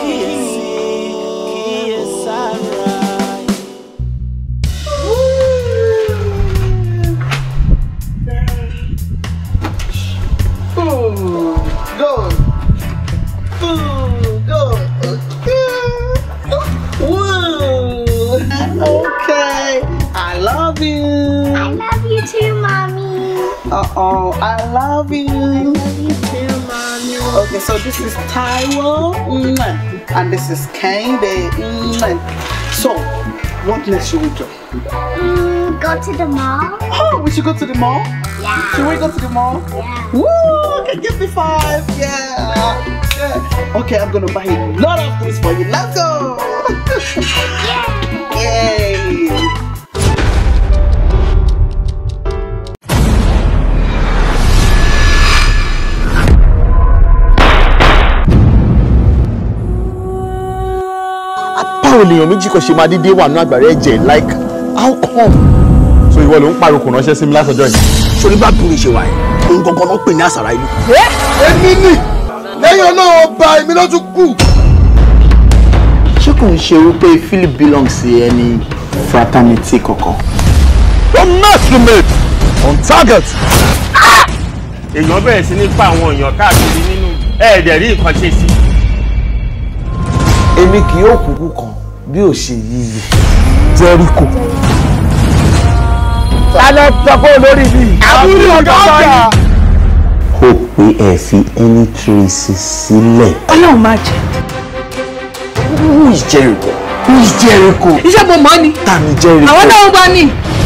Uh-oh, I love you. I love you too, Mommy. Okay, so this is Taiwo, mm. and this is Candy. Mm. So, what next should we do? Mm, go to the mall. Oh, we should go to the mall? Yeah. Should we go to the mall? Yeah. Woo, okay, give me five. Yeah. yeah. Okay, I'm going to buy a lot of things for you. Let's go. yeah. Yay. báwo lèèyàn méjì kan ṣe máa dédé wà ní àgbàrá ẹ̀jẹ̀ like how come. so ìwọ ló ń pariwo kò ránṣẹ́ sí mi lásọjọ́ yìí. sori bá bí mi ṣe wà yìí òun gangan ló ń pè ní àṣàrà ìlú. èmi nì lẹ́yìn ọlọ́run ọba èmi ló tún kù. ṣé kò ń ṣe wípé philip belong sí ẹni fraternity kankan. don't mess with me on target. Ah! èèyàn bẹ̀rẹ̀ sí ní pa àwọn èèyàn káàkiri nínú ẹ̀ẹ́dẹ̀rí nǹkan ṣe sí. èmi kì yóò kúkú kan bí ò ṣe yíyẹ Jẹ́ríkò. tálẹ̀ tọ́kọ́ olórí mi. àbúrò dọ́kítà. ó pé ẹ fi any traces sílẹ̀. ọlọ́run máa jẹ. who is Jẹ́ríkò. who is Jẹ́ríkò. iṣẹ́ mo mọ̀ ni. tani Jẹ́ríkò. àwọn náà ń bá ní.